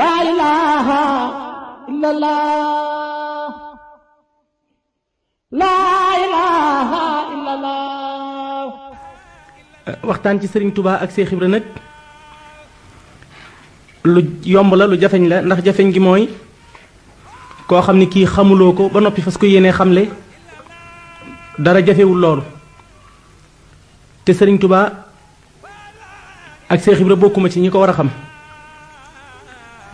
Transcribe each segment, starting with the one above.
laa ilaaha illallah laa ilaaha waxtaan ci sëriñ tubaa ak Seex Ibra nag lu yomb la lu jafeñ la ndax jafeñ gi mooy koo xam ne kii xamuloo ko ba noppi fas ko yéenee xamle dara jafewul loolu te sëriñ tubaa ak Seex Ibra bokkuma ci ñi ko war a xam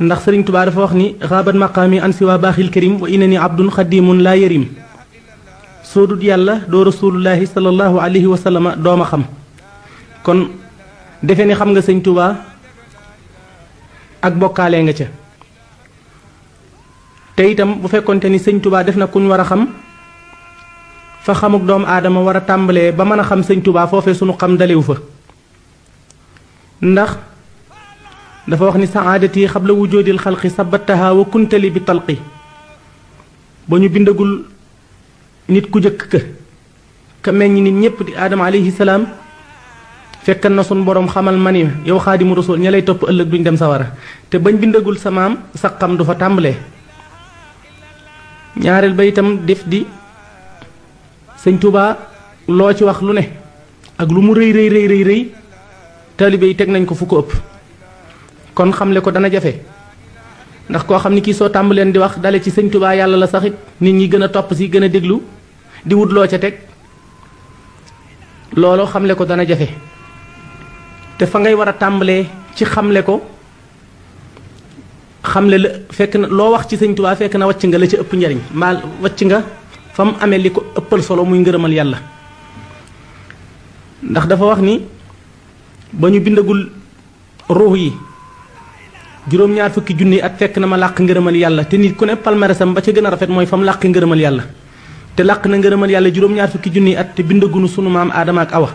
ndax sëriñ tubaa dafa wax ni xaabat maqaami an siwa baaxil karim wa inani abdun xadimun laa yarim soo dut yàlla doo rasulullahi salallahu alayhi wa sallama dooma xam kon defe ni xam nga sëñ tubaa ak bokkaale nga ca te itam bu fekkonte ni sëñ tubaa def na kuñ war a xam fa xamuk doomu aadama war a tàmbalee ba mën a xam sëñ tubaa foofee sunu xam dalewu fa دا فا وخني سعادتي قبل وجود الخلق ثبتها وكنت لي بالتلقي بو ني بيندغول نيت كو جك ك كمني نيت نيب دي ادم عليه السلام فكنا سون بوروم خمال ماني يو خادم الرسول نيلاي توب الك دون ديم سوارا تي بن بيندغول سمام سقام دو فا تامبلي ñaarel ba itam def di sëñ tuba loo ci wax lu ne ak lu mu rëy rëy rëy rëy rëy talibe yi teg nañ ko kon xamle ko dana jafe ndax koo xam ni kii soo tàmbaleen di wax dale ci sëñ tubaa yàlla la saxit nit ñi gën a topp si gën a déglu di wut loo ca teg loolu xamle ko dana jafe te fa ngay war a tàmbalee ci xamle ko xamle la fekk na loo wax ci sëñ tubaa fekk na wàcc nga la ca ëpp njariñ mbaa wàcc nga fa mu amee li ko ëppal solo muy ngërëmal yàlla ndax dafa wax ni ba ñu bindagul ruux yi juróom-ñaar fukki junni at fekk na ma làq ngërëmal yàlla te nit ku ne palmarèsam ba ca gën a rafet mooy fam làq ngërëmal yàlla te làq na ngërëmal yàlla juróom-ñaar fukki junni at te bindagunu sunu maam aadama ak awa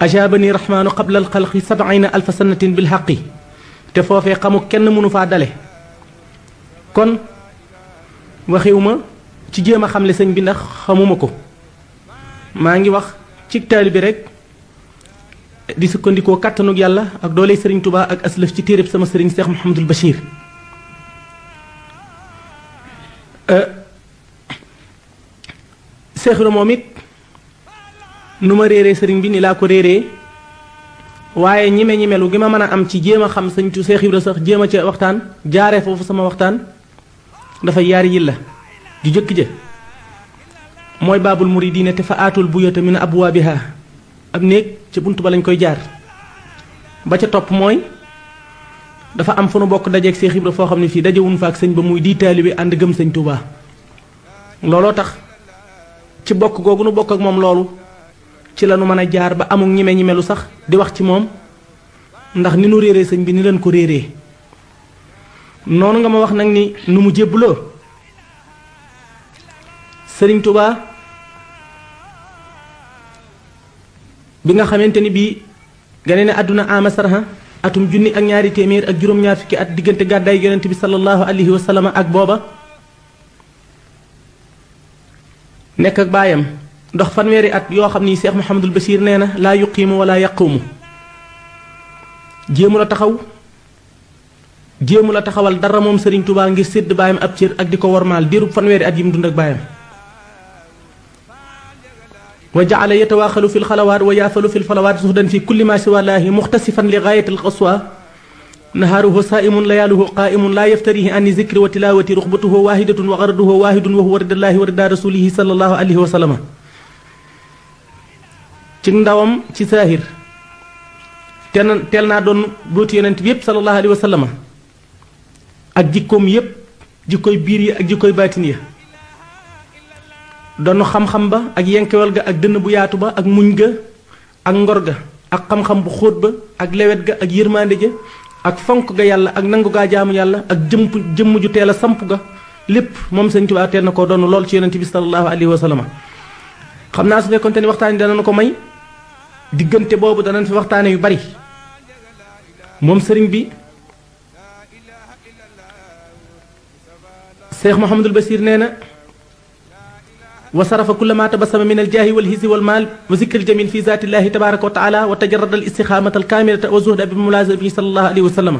ajaabani rahmaanu qabla alxalqi sabaina alfa sanatin bil xaqi te foofe xamu kenn mënu faa dale kon waxiw ma ci jéem a xamle sëñ bi ndax xamuma ko maa ngi wax ci taalibe bi rek di sukkandikoo kàttanu yàlla ak dooley sëriñ Touba ak aslëf ci téere sama sëriñ Cheikh Mouhamadul Bachir euh, Cheikh Ibra moom it nu ma réeree sëriñ bi ni laa ko réeree waaye ñime ñimelu gi ma mën a am ci jéem a xam sëñ tu Cheikh sax jéem a ca waxtaan jaare foofu sama waxtaan dafa yaari yi la ju jëkk ja mooy baabul muridiina te fa aatul buyata min abwaabiha ab néeg ca bunt ba lañ koy jaar ba ca topp mooy dafa am fu nu bokk dajeeg Seex Ibra foo xam ne fii dajewuñ fa ak sëñ ba muy di taalibe ànd gëm sëñ Touba looloo tax ci bokk googu nu bokk ak moom loolu ci la nu mën a jaar ba amul ñime ñimelu sax di wax ci moom ndax ni nu réeree sëñ bi ni leen ko réere noonu nga ma wax nag ni nu mu jébbaloo sëriñ Touba bi nga xamante ni bii gane ne àdduna ama sarha atum junni ak ñaari téeméer ak juróom-ñaar fukki at diggante gàddaay yonent bi sallallahu alayhi wa ak booba nekk ak baayam dox fanweeri at yoo xam ni Cheikh Mouhamadul Bachir nee na laa yuqiimu wala yaquumu jéemu la taxaw jéemu la taxawal dara moom Serigne Touba ngir sédd baayam ab cër ak di ko wormaal diirub fanweeri at yi mu dund ak baayam وجعل يتواخل في الخلوات ويافل في الفلوات زهدا في كل ما سوى الله مختصفا لغاية القصوى نهاره سائم لياله قائم لا يفتريه عن ذكر وتلاوة رخبته واحدة وغرده واحد وهو رد الله ورد رسوله صلى الله عليه وسلم تندوم تساهر تلنا دون بوتي teel naa صلى الله عليه وسلم أجيكم يب alayhi بيري أجيكوي باتنيه donu xam-xam ba ak yenkewal ga ak dënn bu yaatu ba ak muñ ga ak ngor ga ak xam-xam bu xóot ba ak lewet ga ak yërmande ja ak fonk ga yàlla ak nangu gaa jaamu yàlla ak jëm jëmm ju teel a samp ga lépp moom sëñ Tuubaa teel na koo doon lool ci yonent bi sallallahu alayhi wa xam naa su fekkoonte ni waxtaan yi danañ ko may diggante boobu danañ fi waxtaane yu bari moom sëriñ bi Cheikh Mouhamadul Basir nee na وصرف كل ما تبسم من الجاه والهز والمال وذكر الجميل في ذات الله تبارك وتعالى وتجرد الاستقامة الكاملة والزهد بملازمه صلى الله عليه وسلم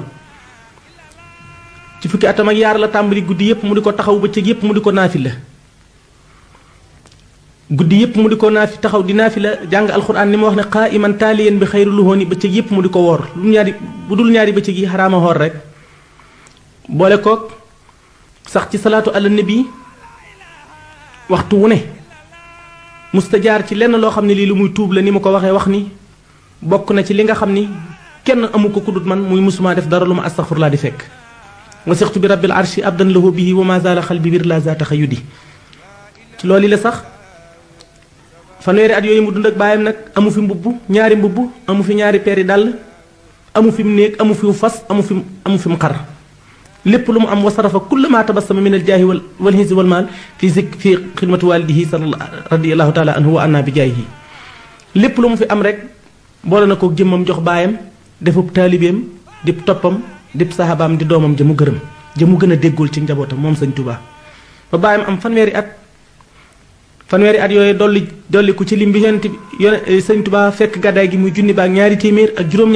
ci fukki atam ak yaar la tàmbali guddi yépp mu di ko taxaw bëccëg yépp mu di ko naafi la guddi yépp mu di ko naafi taxaw di naafi la jàng alquran ni ma wax ne xaa iman taaliyen bi xayru luhooni bëccëg yépp mu di ko woor lu ñaari bu dul ñaari bëccëg yi xaraama xoor rek boole koog sax ci salaatu ala nabi waxtu wu ne musta jaar ci lenn loo xam ne lii lu muy tuub la ni ma ko waxee wax ni bokk na ci li nga xam ni kenn amu ko kudut man muy musuma def dara lu ma astaxfirlaa di fekk wasixtu bi rabbil arshi abdan lahu bihi wa ma zaala xalbi bir la zaata xayudi ci loolu la sax fanweeri at yooyu mu dund ak bàyyam nag amu fi mbubb ñaari mbubb amu fi ñaari peeri dàll amu fi mu néeg amu fi mu fas amu fi amu fi mu xar lépp lu mu am wasarafa kulla ma tabassama min aljaahi wal hizzi wal maal fi zik fi xidmati walidihi sa radiallahu taala anhu wa anna bi jaayihi lépp lu mu fi am rek boole na ko jëmmam jox baayam defub taalibeem di toppam di sahabaam di doomam ja mu gërëm ja mu gën a déggul ci njabootam moom sañ Tuubaa ba baayam am fanweeri at fanweeri at yooyu dolli dolli ku ci lim bi yonent bi eh, sëñ Tuubaa fekk gàddaay gi mu junni baak ñaari téeméer ak juróom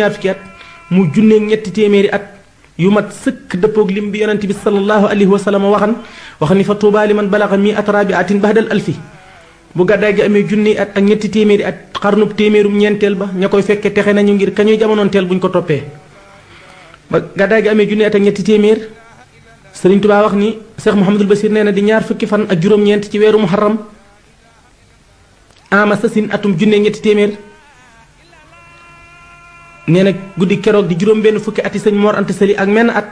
mu junneeg ñetti téeméeri at yu mat sëkk dëppoog lim bi yonent bi sallallahu alayhi wa sallam waxan wax ni fa tuubaa li man balaxa mi at rabiatin bahdal alfi bu gàddaay gi amee junni at ak ñetti téeméeri at xarnub téeméerum ñeenteel ba ña koy fekke texe nañu ngir kañuy jamonoon teel buñ ko toppee ba gàddaay gi amee junni at ak ñetti téeméer sëriñ tubaa wax ni cheikh mohamadul basir nee na di ñaar fukki fan ak juróom-ñeent ci weeru muharram ama sasin atum junne ñetti téeméer nee nag guddi keroog di juróom benn fukki at yi sëñ Mor Anta Sali ak menn at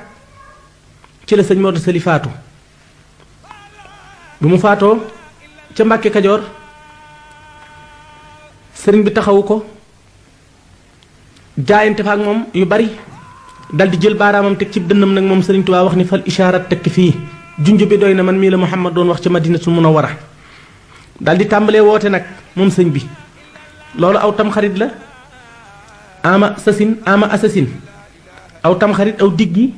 ci la sëñ Mor Anta Sali faatu bu mu faatoo ca Mbàkke Kajoor sëriñ bi taxawu ko jaayante fa ak moom yu bari dal di jël baaraamam teg ci dënnam nag moom sëriñ Tuubaa wax ni fal ishaarat tekk fii junj bi doy na man mii la xam Muhammad doon wax ca Madinatul a dal di tàmbalee woote nag moom sëñ bi loolu aw tamxarit la ama assassin, ama assassin. aw xarit aw diggi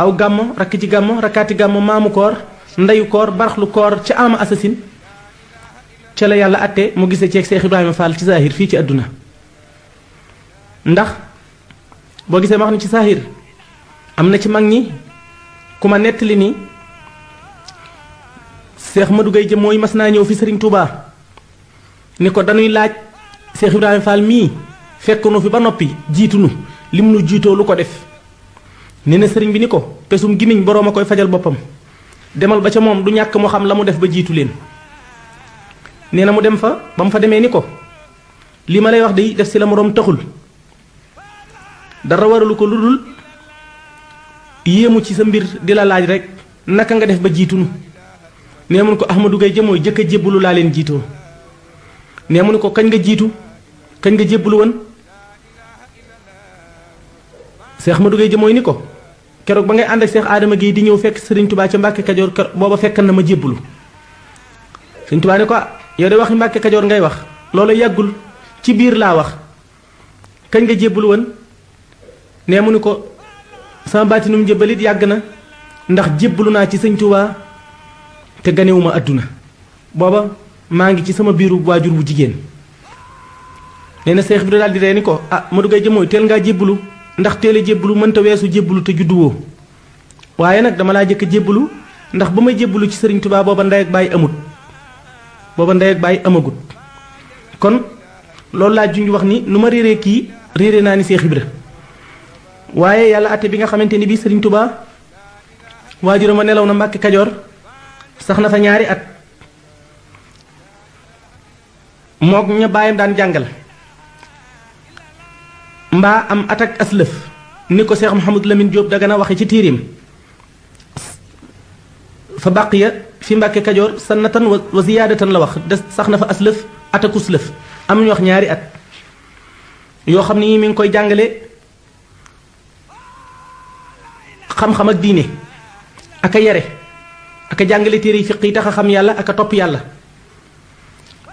aw gamo rak ci gamo, rakati gamo, mamu kor, ndayu kor, barxlu kor, ci ama assassin. ci la yalla atte mu gisé ci cheikh ibrahima fall ci zahir fi ci aduna ndax bo gisé ma xni ci zahir ije ci magni kuma ni cheikh madou gay je moy mas ñew fi serigne touba ni ko dañuy laaj cheikh ibrahima fall mi fekk nu fi ba noppi jiitu li lim jiitoo lu ko def nee na sëriñ bi ni ko pesum gimiñ boroom a koy fajal boppam demal ba ca moom du ñàkk mu xam la mu def ba jiitu leen nee na mu dem fa ba mu fa demee ni ko li ma lay wax day def si la moroom taxul dara waralu ko lu dul yéemu ci sa mbir di la laaj rek naka nga def ba jiitunu nee mun ko ax Ahmadou Gaye jëmooy jëkk a jébbalu laa leen jiitoo nee mu ne ko kañ nga jiitu kañ nga jébbalu won cheikh madou gay jëmooy niko kérok ba ngay and ak cheikh adama gay di ñew fekk sëriñ tubaa ca mbàkke kajoor boba fekk na ma jébbalu serigne touba niko yow de wax mbacké kadior ngay wax lolo yagul ci bir la wax kañ nga jébbalu won nee mu ni sama baatinum jébbalit na ndax jébbalu na ci serigne touba te ganewuma aduna. boba mangi ci sama biru wajur bu jigen neena cheikh seex di reeni ko ah Modou Gaye jëmooy tel nga jébbalu ndax teel a mën ta weesu jébbalu te wo waye nak dama la jëk jébbalu ndax bama may ci serigne touba boba nday ak bàyyi amut boba nday ak bàyyi amagut kon lolou la junj wax ni numa ma ki kii na ni cheikh Ibra waye yalla atte bi nga xamanteni bi serigne touba wajiruma nelaw na mbacke kadior saxna fa ñaari at mok ñu dan daan jangal mba am atak aslëf niko cheikh seex Lamine Diop Dagana waxe ci tirim fa baqiya fi mbake kadior sanatan wa ziyadatan la wax des sax fa aslëf atak uslef am ñu wax ñaari at yo xamni mi ngi koy jàngale xam-xam ak diine ak yare ak jàngale téere fiqi fiq tax xam yàlla ak top yàlla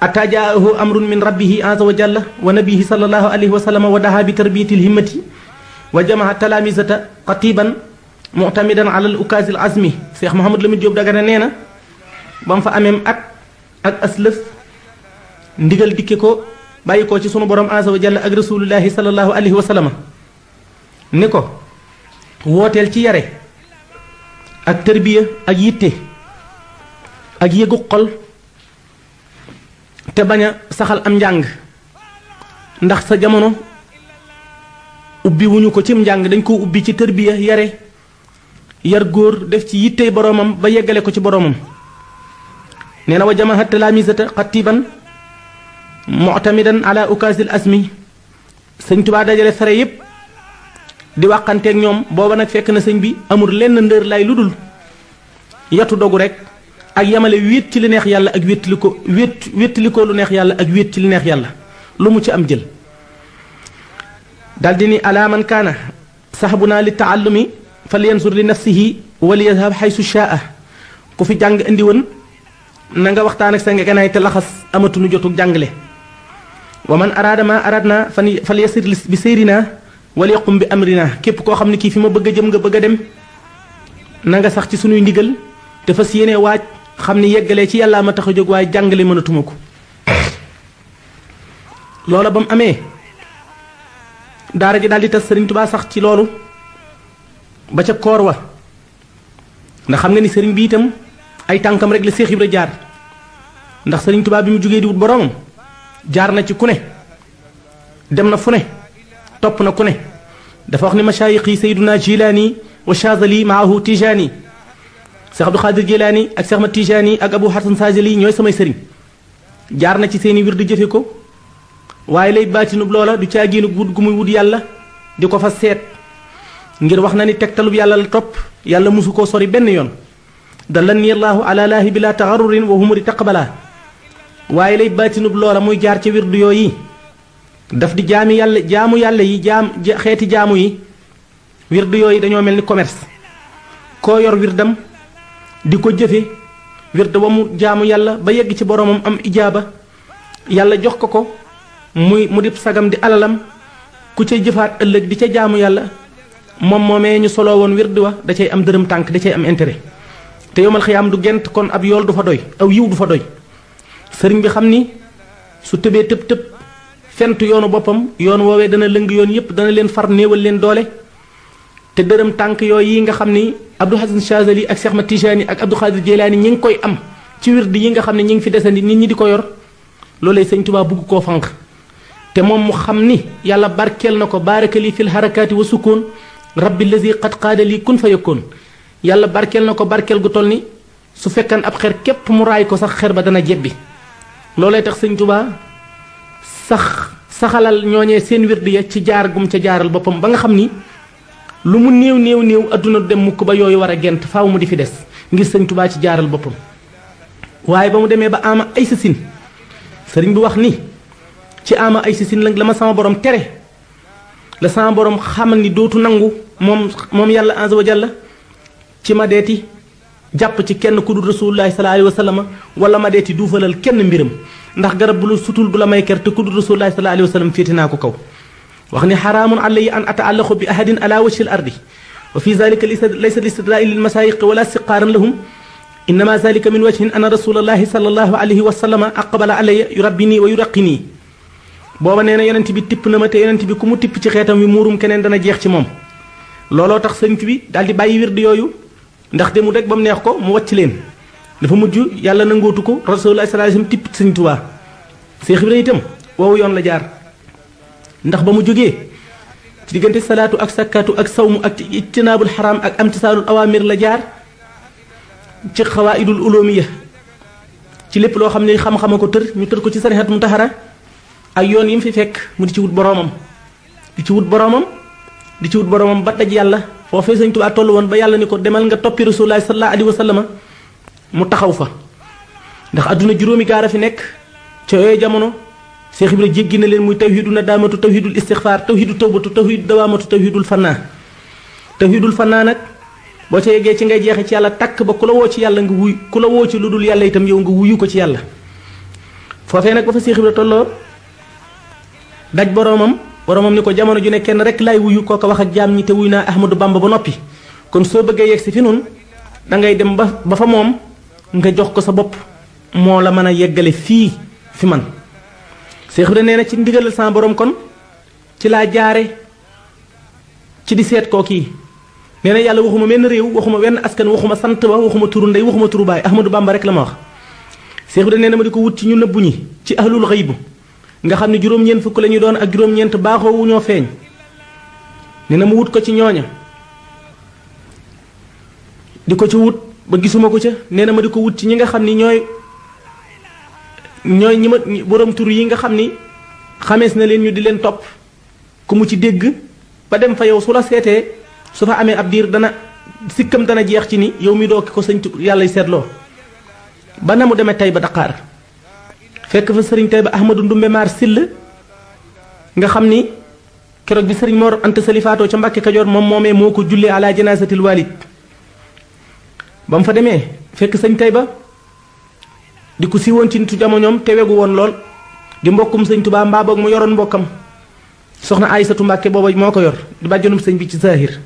حتى جاءه أمر من ربه عز وجل ونبيه صلى الله عليه وسلم ودعا بتربية الهمة وجمع التلاميذة خطيبا معتمدا على الأكاز العزمي شيخ محمد Lamine Diop Dagana nee na bam fa ameem at ak aslëf ndigal dikke ko bàyyi ko ci sunu borom azza wa jalla ak rasulullahi sallallahu alayhi wa sallam ni ko wooteel ci yare ak tërbiya ak yitte ak yëgu xol te bañ a saxal am njàng ndax sa jamono ubbi wuñu ko ci njàng dañ koo ubbi ci tërbiya yare yar góor def ci yittey boroomam ba yeggale ko ci boroomam nee na wa jamaha talaamisata xatiban mutamidan ala ukaasil asmi sëñ tubaa dajale sare yépp di waxanteeg ñoom booba nag fekk na sëñ bi amul lenn ndër lay lu dul yatu dogu rekk ak yamale wéet ci li neex yàlla ak wéttali ko wét wéttali ko lu neex yàlla ak wét ci li neex yàlla lu mu ci am jël daldi ni alaa man kaana saxbu naa li taallumi falyansur li nafsihi wal yadhab xaysu shaa ku fi jàng indi woon na nga waxtaan ak sa nga te laxas amatuñu jotu jàngale wa man araada ma araad naa fal yasir bi seyrinaa wal yaqum bi amrinaa képp koo xam ne kii fi ma bëgg a jëm nga bëgg a dem na nga sax ci sunuy ndigal te fas yéene waaj xam ni yeggalee ci yàllaa ma tax a jóg waaye jàngale mënatuma ko loola ba mu amee daara ji daal di tas sëriñ tubaa sax ci loolu ba ca koor wa ndax xam nga ni sëriñ bi itam ay tànkam rek la Seex Ibra jaar ndax sëriñ tubaa bi mu jógee di wut boroomam jaar na ci ku ne dem na fu ne topp na ku ne dafa wax ni mashaayix yi sayduna jilaani wa chazali maahu tijaani Cheikh Abdou Khadir Jilani ak Cheikh Ahmad Tijani ak Abu Hasan Sajili ñooy samay sëriñ jaar na ci seeni wir di jëfe ko waaye lay baatinub loola du caagiinu wut gu muy wut yàlla di ko fa seet ngir wax na ni teg tegtalub yàlla la topp yàlla mosu koo sori benn yoon la dalani allahu ala laahi bila taxarurin wa takk balaa waaye lay baatinub loola muy jaar ci wirdu yooyu daf di jaami yàlla jaamu yàlla yi jaam xeeti jaamu yi wirdu yooyu dañoo mel ni commerce koo yor wirdam di ko jëfe wird wa mu jaamu yàlla ba yegg ci boromam am ijaaba yàlla jox ko ko muy mu dib sagam di alalam ku ca jëfaat ëllëg di ca jaamu yàlla moom moomee ñu soloo woon wird wa da cay am dërëm tànk da cay am intérêt te yomal xiyaam du gent kon ab yool du fa doy aw yiw du fa doy sëriñ bi xam ni su tëbee tëb tëb fent yoonu boppam yoon woowee dana lëng yoon yépp dana leen far néewal leen doole te dërëm tànk yooyu yi nga xam ni Abdou Hasan Chazali ak Cheikh Ahmad Tijani ak Abdou Khadir Jilani ñi ngi koy am ci wird yi nga xam ne ñi ngi fi desandi nit ñi di ko yor loolee sëñ Tuubaa bugg koo fànq te moom mu xam ni yàlla barkeel na ko baaraka lii fil harakaati wa sukkoon rabbi lazi qad qaada lii kun fa yakkoon yàlla barkeel na ko barkeel gu toll ni su fekkan ab xer képp mu raay ko sax xer ba dana jebbi loolee tax sëñ Tuubaa sax saxalal ñooñee seen wird ya ci jaar ca jaaral boppam ba nga xam ni lu mu néew néew néew adduna du dem mukk ba yooyu war a gent faaw mu di fi des ngir sëñ tubaa ci jaaral boppam waaye ba mu demee ba ama ay sa sëriñ bi wax ni ci ama ay sa sin la ma sama borom tere la sama borom xamal ni dootu nangu moom moom yàlla azza wa jalla ci ma deeti jàpp ci kenn ku dul rasulullahi sallallahu alayhi wa sallam wala ma deeti duufalal kenn mbiram ndax garab bu la sutul du la may ker te ku dul rasulullahi sallallahu alayhi wa sallam féete naa ko kaw وخني حرام علي أن أتعلق بأحد على وجه الأرض وفي ذلك ليس الاستدلائل للمسايق ولا استقارا لهم إنما ذلك من وجه أن رسول الله صلى الله عليه وسلم أقبل علي يربني ويرقني بابا نينا ينتي بي تيب نمت ينتي بي كومو تيب تي خيتام وي موروم كنين دانا جيخ تي موم لولو تاخ سنت بي دالدي باي ويرد يويو نداخ دي مو دك بام نيهكو مو واتي لين دافا موجو يالا نانغوتوكو رسول الله صلى الله عليه وسلم تيب سنت وا شيخ ابراهيم تام وو يون لا جار ndax ba mu jógee ci diggante salaatu ak sakkaatu ak sawmu ak ijtinaabul xaraam ak am amtisaalul awaamir la jaar ci xawaaidul uloomiya ci lépp loo xam ne xam-xama ko tër ñu tër ko ci sarixat mutahara ak yoon yi mu fi fekk mu di ci wut boroomam di ci wut boroomam di ci wut boroomam ba daj yàlla foofee Sëñ Tuubaa toll woon ba yàlla ni ko demal nga toppi rasulullaahi sallallaahu alayhi wa sallama mu taxaw fa ndax adduna juróomi gaara fi nekk ca yooyu jamono شيخ ابن جيجين لين موي توحيد الندامة توحيد الاستغفار توحيد التوبة توحيد الدوامة توحيد الفنا توحيد الفنا نك بوشي يجي تشي نجي يخي تيالا تاك با كولا ووشي يالا نغوي كولا ووشي لودول يالا يتم يونغ ويو كو تيالا فافي نك فسيخ ابن تولو داج برومم برومم نيكو جامانو جو نيكن رك لاي ويو كو كو واخا جام ني تيوينا احمد بامبا بو نوبي كون سو بغي يكسي فينون دا ngay dem ba fa mom nga jox ko sa bop mo la meuna yeggale fi fi man Seex Ibra nee na ci ndigalal sama borom kon ci laa jaare ci di seet kook yi nee na yàlla waxuma benn réew waxuma wenn askan waxuma sant ba waxuma turu ndey waxuma turu baay Ahmadou Bamba rek la ma wax Seex Ibra nee na ma di ko wut ci ñu nëbbu ñi ci ahlul xëybu nga xam ne juróom-ñeent fukk lañuy doon ak juróom-ñeent baaxoo wu ñoo feeñ nee na ma wut ko ci ñooña di ko ci wut ba gisuma ko ca nee na ma di ko wut ci ñi nga xam ni ñooy ñooy ñi ma borom tur yi nga xam ni xamees na leen ñu di leen topp ku mu ci dégg ba dem fa yow su la seetee su fa amee ab diir dana sikkam dana jeex ci ni yow mi doo ko sëñ yàlla seetloo ba na mu demee tey ba daqaar fekk fa sëriñ tey ba Ahmadou Ndumbe Maar Sill nga xam ni keroog bi sëriñ Mor Anta Sali faatoo ca Mbàkke Kajoor moom moomee moo ko jullee ala janaasatil walid ba mu fa demee fekk sëñ tey ba diko si won ci nitu jamonoom te wegu won lol di mbokum seigne touba mbab ak mu yoron mbokam soxna Aysatu mbake bobo moko yor di bàjjanum seigne bi ci saahir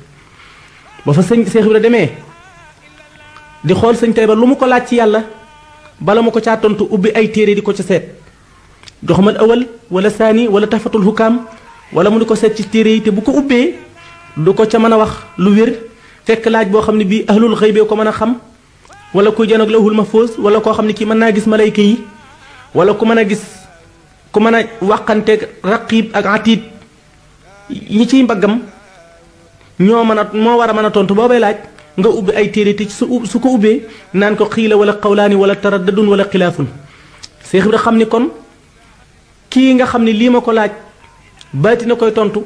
ba fa seigne cheikh Ibra demé di xol seigne Tayba lu mu ko lacc ci yàlla bala mu ko ca tontu ubi ay téré di ko ci set joxamal awal wala sani wala tafatul hukam wala mu ko set ci téré te bu ko ubbee du ko ca mëna wax lu wér fekk laaj bo xamni bi ahlul ghaibe ko mëna xam wala kuy janoog ma mahfuz wala koo xam ne kii mën naa gis malayka yi wala ku mën a gis ku mën a wàqanteeg raqiib ak atiid ñi ciy mbaggam ñoo mën a moo war a mën a tontu boobay laaj nga ubbi ay téere te su su ko ubbee naan ko xiila wala xawlaani wala taraddadun wala xilaafun Seex Ibra xam ni kon kii nga xam ne lii ma ko laaj baati na koy tontu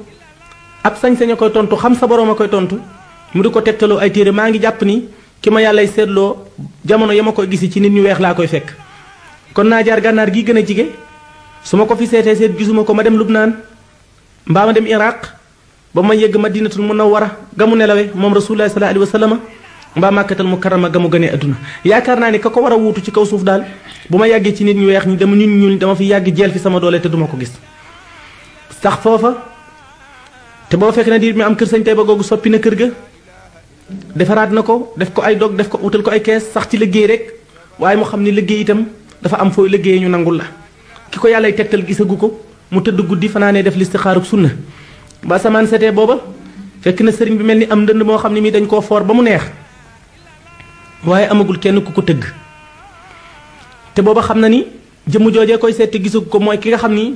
ab sañ-sañ koy tontu xam sa borom a koy tontu mu di ko tegtaloo ay téere maa ngi jàpp ni. ki ma yàllay seetloo jamono ya ma koy gisi ci nit ñu weex laa koy fekk kon naa jaar gànnaar gi gën a jige su ma ko fi seetee seet gisuma ko ma dem naan mbaa ma dem Iraq ba ma yegg Madinatul Munawwara ga mu nelawe moom Rasulullah sallallahu alayhi wa sallam mbaa màkkatal mukarrama ga mu gënee adduna yaakaar naa ne ka ko war a wuutu ci kaw suuf daal bu ma yàggee ci nit ñu weex ñi dama ñun ñun dama fi yàgg jeel fi sama doole te duma ko gis sax foofa te boo fekk na mi am kër sañ ba googu soppi na kër ga defaraat na ko def ko ay dog def ko utal ko ay kees sax ci liggéey rek waaye mu xam ni liggéey itam dafa am foo liggéey ñu nangul la ki ko yàllay tegtal gisagu ko mu tëdd guddi fanaanee def listixaarug sunna ba asamaan setee booba fekk na sëriñ bi mel ni am ndënd moo xam ne mii dañ koo foor ba mu neex waaye amagul kenn ku ko tëgg te booba xam na ni jëmm joojee koy seet te gisagu ko mooy ki nga xam ni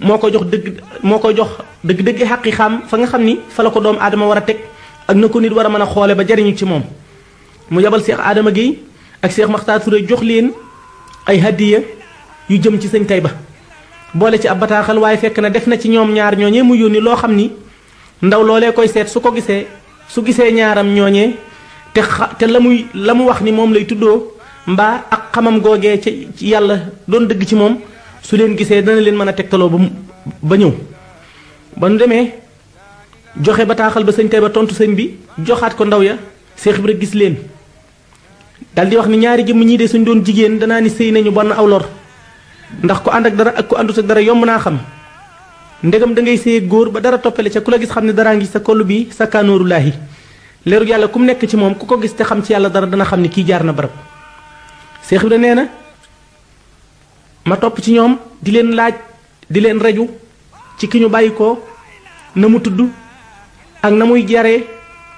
moo ko jox dëgg moo ko jox dëgg-dëgg xaqi xam fa nga xam ni fa la ko doom aadama war a teg ak na ko nit war a mën a xoole ba jariñu ci moom mu yabal seex aadama gi ak seex Maxtaar Touré jox leen ay hadiya yu jëm ci sëñ Tayba boole ci ab bataaxal waaye fekk na def na ci ñoom ñaar ñooñee mu yónni loo xam ni ndaw loolee koy seet su ko gisee su gisee ñaaram ñooñee te xa te la muy la mu wax ni moom lay tuddoo mbaa ak xamam googee ci yàlla doon dëgg ci moom su leen gisee dana leen mën a tegtaloo ba ba ñëw ba nu demee joxe taxal ba sëñ Tayba tontu sëñ bi joxat ko ndaw ya Cheikh Ibra gis len dal di wax ni ñaari jëm ñi de suñ doon jigen dana ni nañu ban aw lor ndax ko and ak dara ak ko andu ak dara yom na xam ndegam da ngay sey goor ba dara toppale ci kula gis xamni dara ngi sa kollu bi sa kanurullahi laahi leeru yàlla ku ci mom ku gis te xam ci yalla dara dana xamni ki jaar na barab Cheikh ma top ci ñom di len laaj di len reju ci ki ñu na mu tuddu ak na muy jaree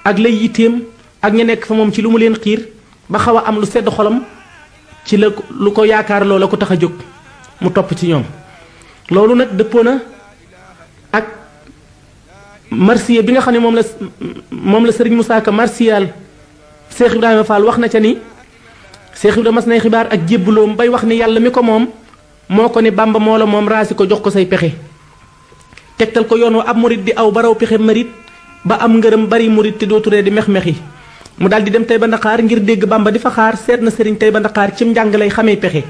ak lay yitém ak ñe nek fa mom ci lu mu leen xir ba xawa am lu sedd xolam ci la lu ko yaakar lo la ko taxa a jóg mu top ci ñom lolu nak deppona ak marsiya bi nga xam mom la mom la serigne Moussa Ka marsiyal Cheikh Ibrahima Fall wax na ca ni Cheikh Ibrahima mas nay xibaar ak jébbaloom bay wax ni yàlla mi ko mom moko ni Bàmba mo la mom rasiko jox ko say pexe tektal ko yono ab murit di aw baraw pexe marit ba am ngeureum bari mourid te re di mex mexi mu daldi dem tey ba ndaqaar ngir deg bamba di fa xaar seet na sëriñ ba ndaqaar cim njàng lay xamee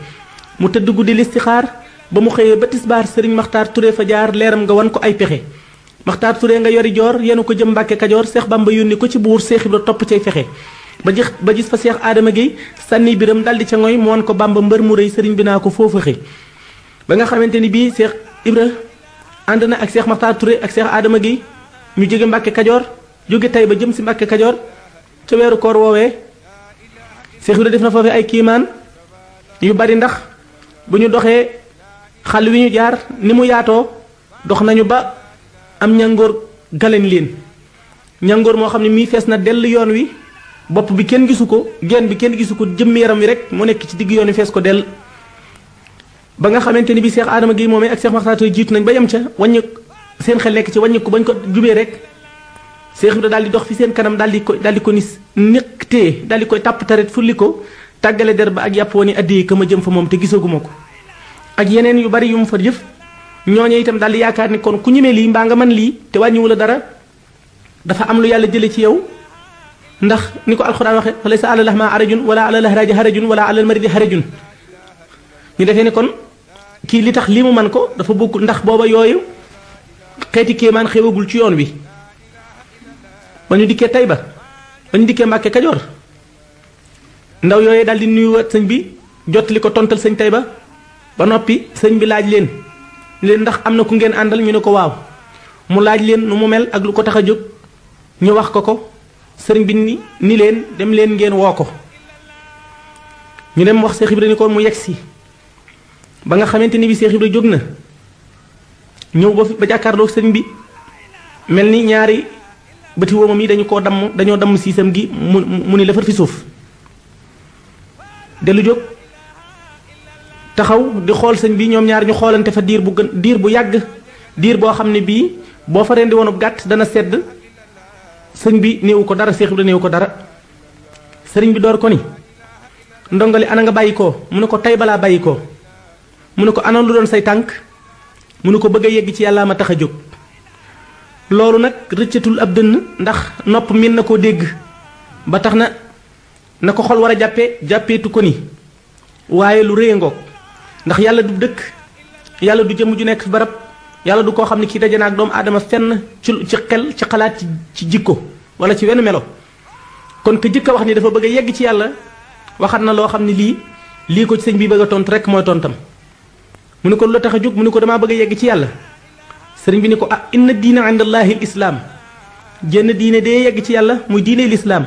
mu teddu gudi listikhar ba mu xëyee ba tisbar serigne makhtar touré fa jaar leeram nga wan ko ay pexé makhtar touré nga yori jor yenu ko jëm mbàkke kajoor cheikh bamba yoni ko ci bour cheikh ibra top ci fexé ba jix ba gis fa cheikh adama gey sanni biram daldi ci ngoy mu won ko bamba mbeur mu rëy serigne bina ko fofu xey ba nga xamanteni bi cheikh seex ibra ak cheikh makhtar touré ak cheikh adama gey ñu jóge mbacke kajoor jóge tay ba jëm ci mbacke kajoor ci wéru koor wowe cheikh bi def na foofee ay kiman yu bari ndax buñu doxé xal wi ñu jaar ni mu yaato dox nañu ba am ñangor galen leen ñangor mo xamni mi fess na del yoon wi bop bi kenn gisuko genn bi kenn gisuko jëm yaram wi rek mo nekk ci digg yoon wi fess ko del ba nga xamanteni bi cheikh adama gi momé ak cheikh nañ ba yam ca wañu seen xel nekk ci wàññiku bañ ko jubee rek Seex Ibra daal di dox fi seen kanam daal di ko daal di ko nis niqtee daal di koy tàpp taret fulli ko tàggale der ba ak yàpp woni addiyi ka ma jëm fa moom te gisaguma ko ak yeneen yu bari yu mu fa jëf ñooñu itam daal di yaakaar ni kon ku ñemee lii mbaa nga man lii te wàññiwu la dara dafa am lu yàlla jële ci yow ndax ni ko alxuraan waxe fa laysa alal ahma harajun wala alal ahraji harajun wala alal maridi harajun ñu defee ni kon kii li tax lii mu man ko dafa bokk ndax booba yooyu xeeti kéemaan xewagul ci yoon wi ba ñu dikkee Tayba ba ñu dikkee Mbàkke Kajoor ndaw yooyu daal di nuyuwaat sëñ bi jot li ko tontal sëñ Tayba ba ba noppi sëñ bi laaj leen leen ndax am na ku ngeen àndal ñu ne ko waaw mu laaj leen nu mu mel ak lu ko tax a jóg ñu wax ko ko sëriñ bi ni ni leen dem leen ngeen woo ko ñu dem wax Seex Ibra ni ko mu yegg si ba nga xamante ni bi Seex Ibra jóg na ñew ba ba jakarlo señ bi melni ñaari bati womam mi dañu ko dam dañu dam sisam gi mu ni la fi suuf delu jog taxaw di xol señ bi ñom ñaar ñu xolante fa dir bu dir bu yag dir bo xamni bi bo fa rendi wonu gatt dana sedd señ bi neewu ko dara cheikh bi neewu ko dara serigne bi dor ko ni ndongali ana nga bayiko mu ne ko tay bala bayiko mu ne ko ana lu doon say tank mënu ko bëgg a yegg ci yàllaa ma tax a jóg loolu nag rëccatul ab dënn ndax nopp miin na koo dégg ba tax na na ko xol war a jàppe jàppeetu ko ni waaye lu rëy ngoog ndax yàlla du dëkk yàlla du jëmm ju nekk barab yàlla du koo xam ne kii daje na ak doomu aadama fenn ci ci xel ci xalaat ci jikko wala ci wenn melo kon ke jëkk wax ni dafa bëgg a yegg ci yàlla waxat na loo xam ne lii lii ko ci sëñ bi bëgg a tontu rek mooy tontam mu ne ko lu tax a jóg mu ne ko damaa bëgg a yegg ci yàlla sëriñ bi ne ko ah na diina indallahi lislaam jenn diine dee yegg ci yàlla muy diine lislaam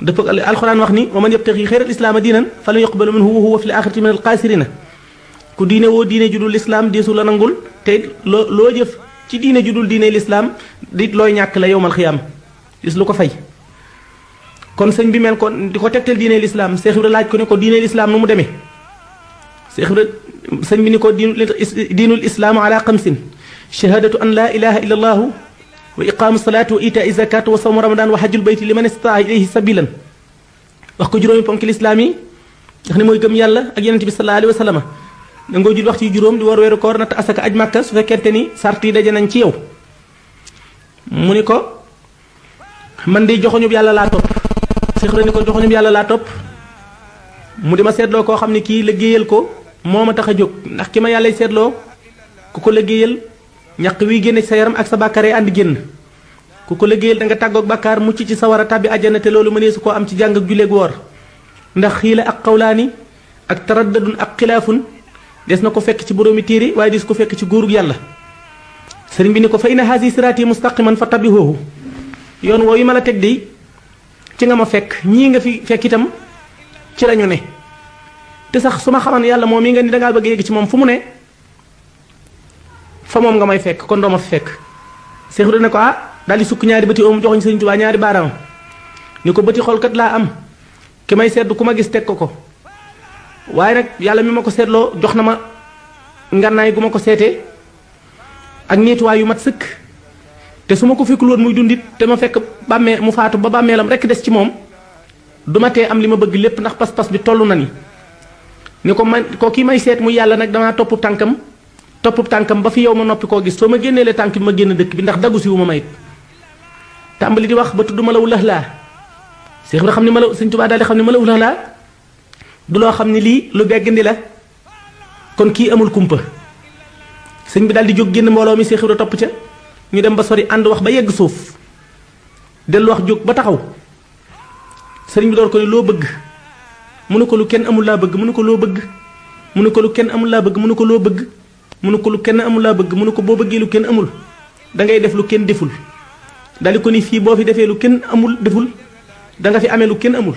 dafa alxuraan wax ni wa man yabtaxi xeyra alislaama diinan fa lan yuqbalu minhu wa huwa fi l axirati min na ku diine woo diine ju lislaam deesu la nangul te loo loo jëf ci diine ju dul diine lislaam di looy ñàkk la yowmal xiyaam gis lu ko fay kon sëñ bi mel kon di ko tegtal diine lislaam Seex Ibra laaj ko ne ko lislaam nu mu demee شيخ سميني كو دين الإسلام على قمس شهادة أن لا إله إلا الله وإقام الصلاة وإيتاء الزكاة وصوم رمضان وحج البيت لمن استطاع إليه سبيلا وكو جرومي بانك الإسلامي نحن موي گم يالا اك يانتي صلى الله عليه وسلم نغو جيل وقت جروم دي وور وير كور نتا اسك اج مكه سو فكنتني سارتي دجي نانتي يو مونيكو من دي جوخنوب يالا لا توب شيخ رانيكو جوخنوب يالا لا توب مودي ما سيدلو كو خامني كي لغيال كو moma taxa jog ndax kima yalla setlo kuko ku ñak wi bakar, sa yaram ak sa bakare and génn ku ko da nga tàggoog bàkkaar mucc ci sawara tàbbi aljana te loolu mene su ko am ci jang ak juleeg wor ndax khila ak qawlani ak taraddud ak xilaafun des nako ci boromi way dis ko fekk ci yalla serigne bi ni fa ina hazi sirati mustaqiman fa yon wo yi mala la di ci nga ma fekk ñi nga fi fekk itam ci lañu ne te sax su ma xaman yàlla moom mii nga ni dangaa bëgg yegg ci moom fu mu ne fa moom nga may fekk kon doo ma fa fekk Seex Ibra ko ah daal sukk ñaari bëti oom joxuñ Sëriñ Tuubaa ñaari baaraam ni ko bëti xool kat laa am ki may seetlu ku ma gis teg ko ko waaye nag yàlla mi ma ko seetloo jox na ma ngannaay gu ma ko seetee ak ñeetuwaay yu mat sëkk te su ma ko fekkul woon muy dundit te ma fekk bàmmee mu faatu ba bàmmeelam rekk des ci moom du matee tee am li ma bëgg lépp ndax pas-pas bi toll na ni ni ko man ko ki may set mu yalla nak dama topu tankam topu tankam ba fi yow ma nopi ko gis soma ma génneele tànk ma génn dekk bi ndax dagu si wu ma mayit di wax ba tuddu malaw lax laa seex ni malaw seigne touba daal di xam ni malaw lax du lo xamni ni lu beggandi la kon ki amul kumpa seigne bi daal di jóg génn mbooloo mi cheikh bi topp ca ñu dem ba sori and wax ba yegg suuf del wax jog ba taxaw seigne bi door ko lo mu amulabeg, ko lu kenn amul la bëgg mu ne ko loo bëgg mu ko lu kenn amul la bëgg mu ne ko loo bëgg mu ko lu kenn amul la bëgg mu ko boo bëggee lu kenn amul da ngay def lu kenn deful dali ko ni fii boo fi defee lu kenn amul deful da nga fi amee lu kenn amul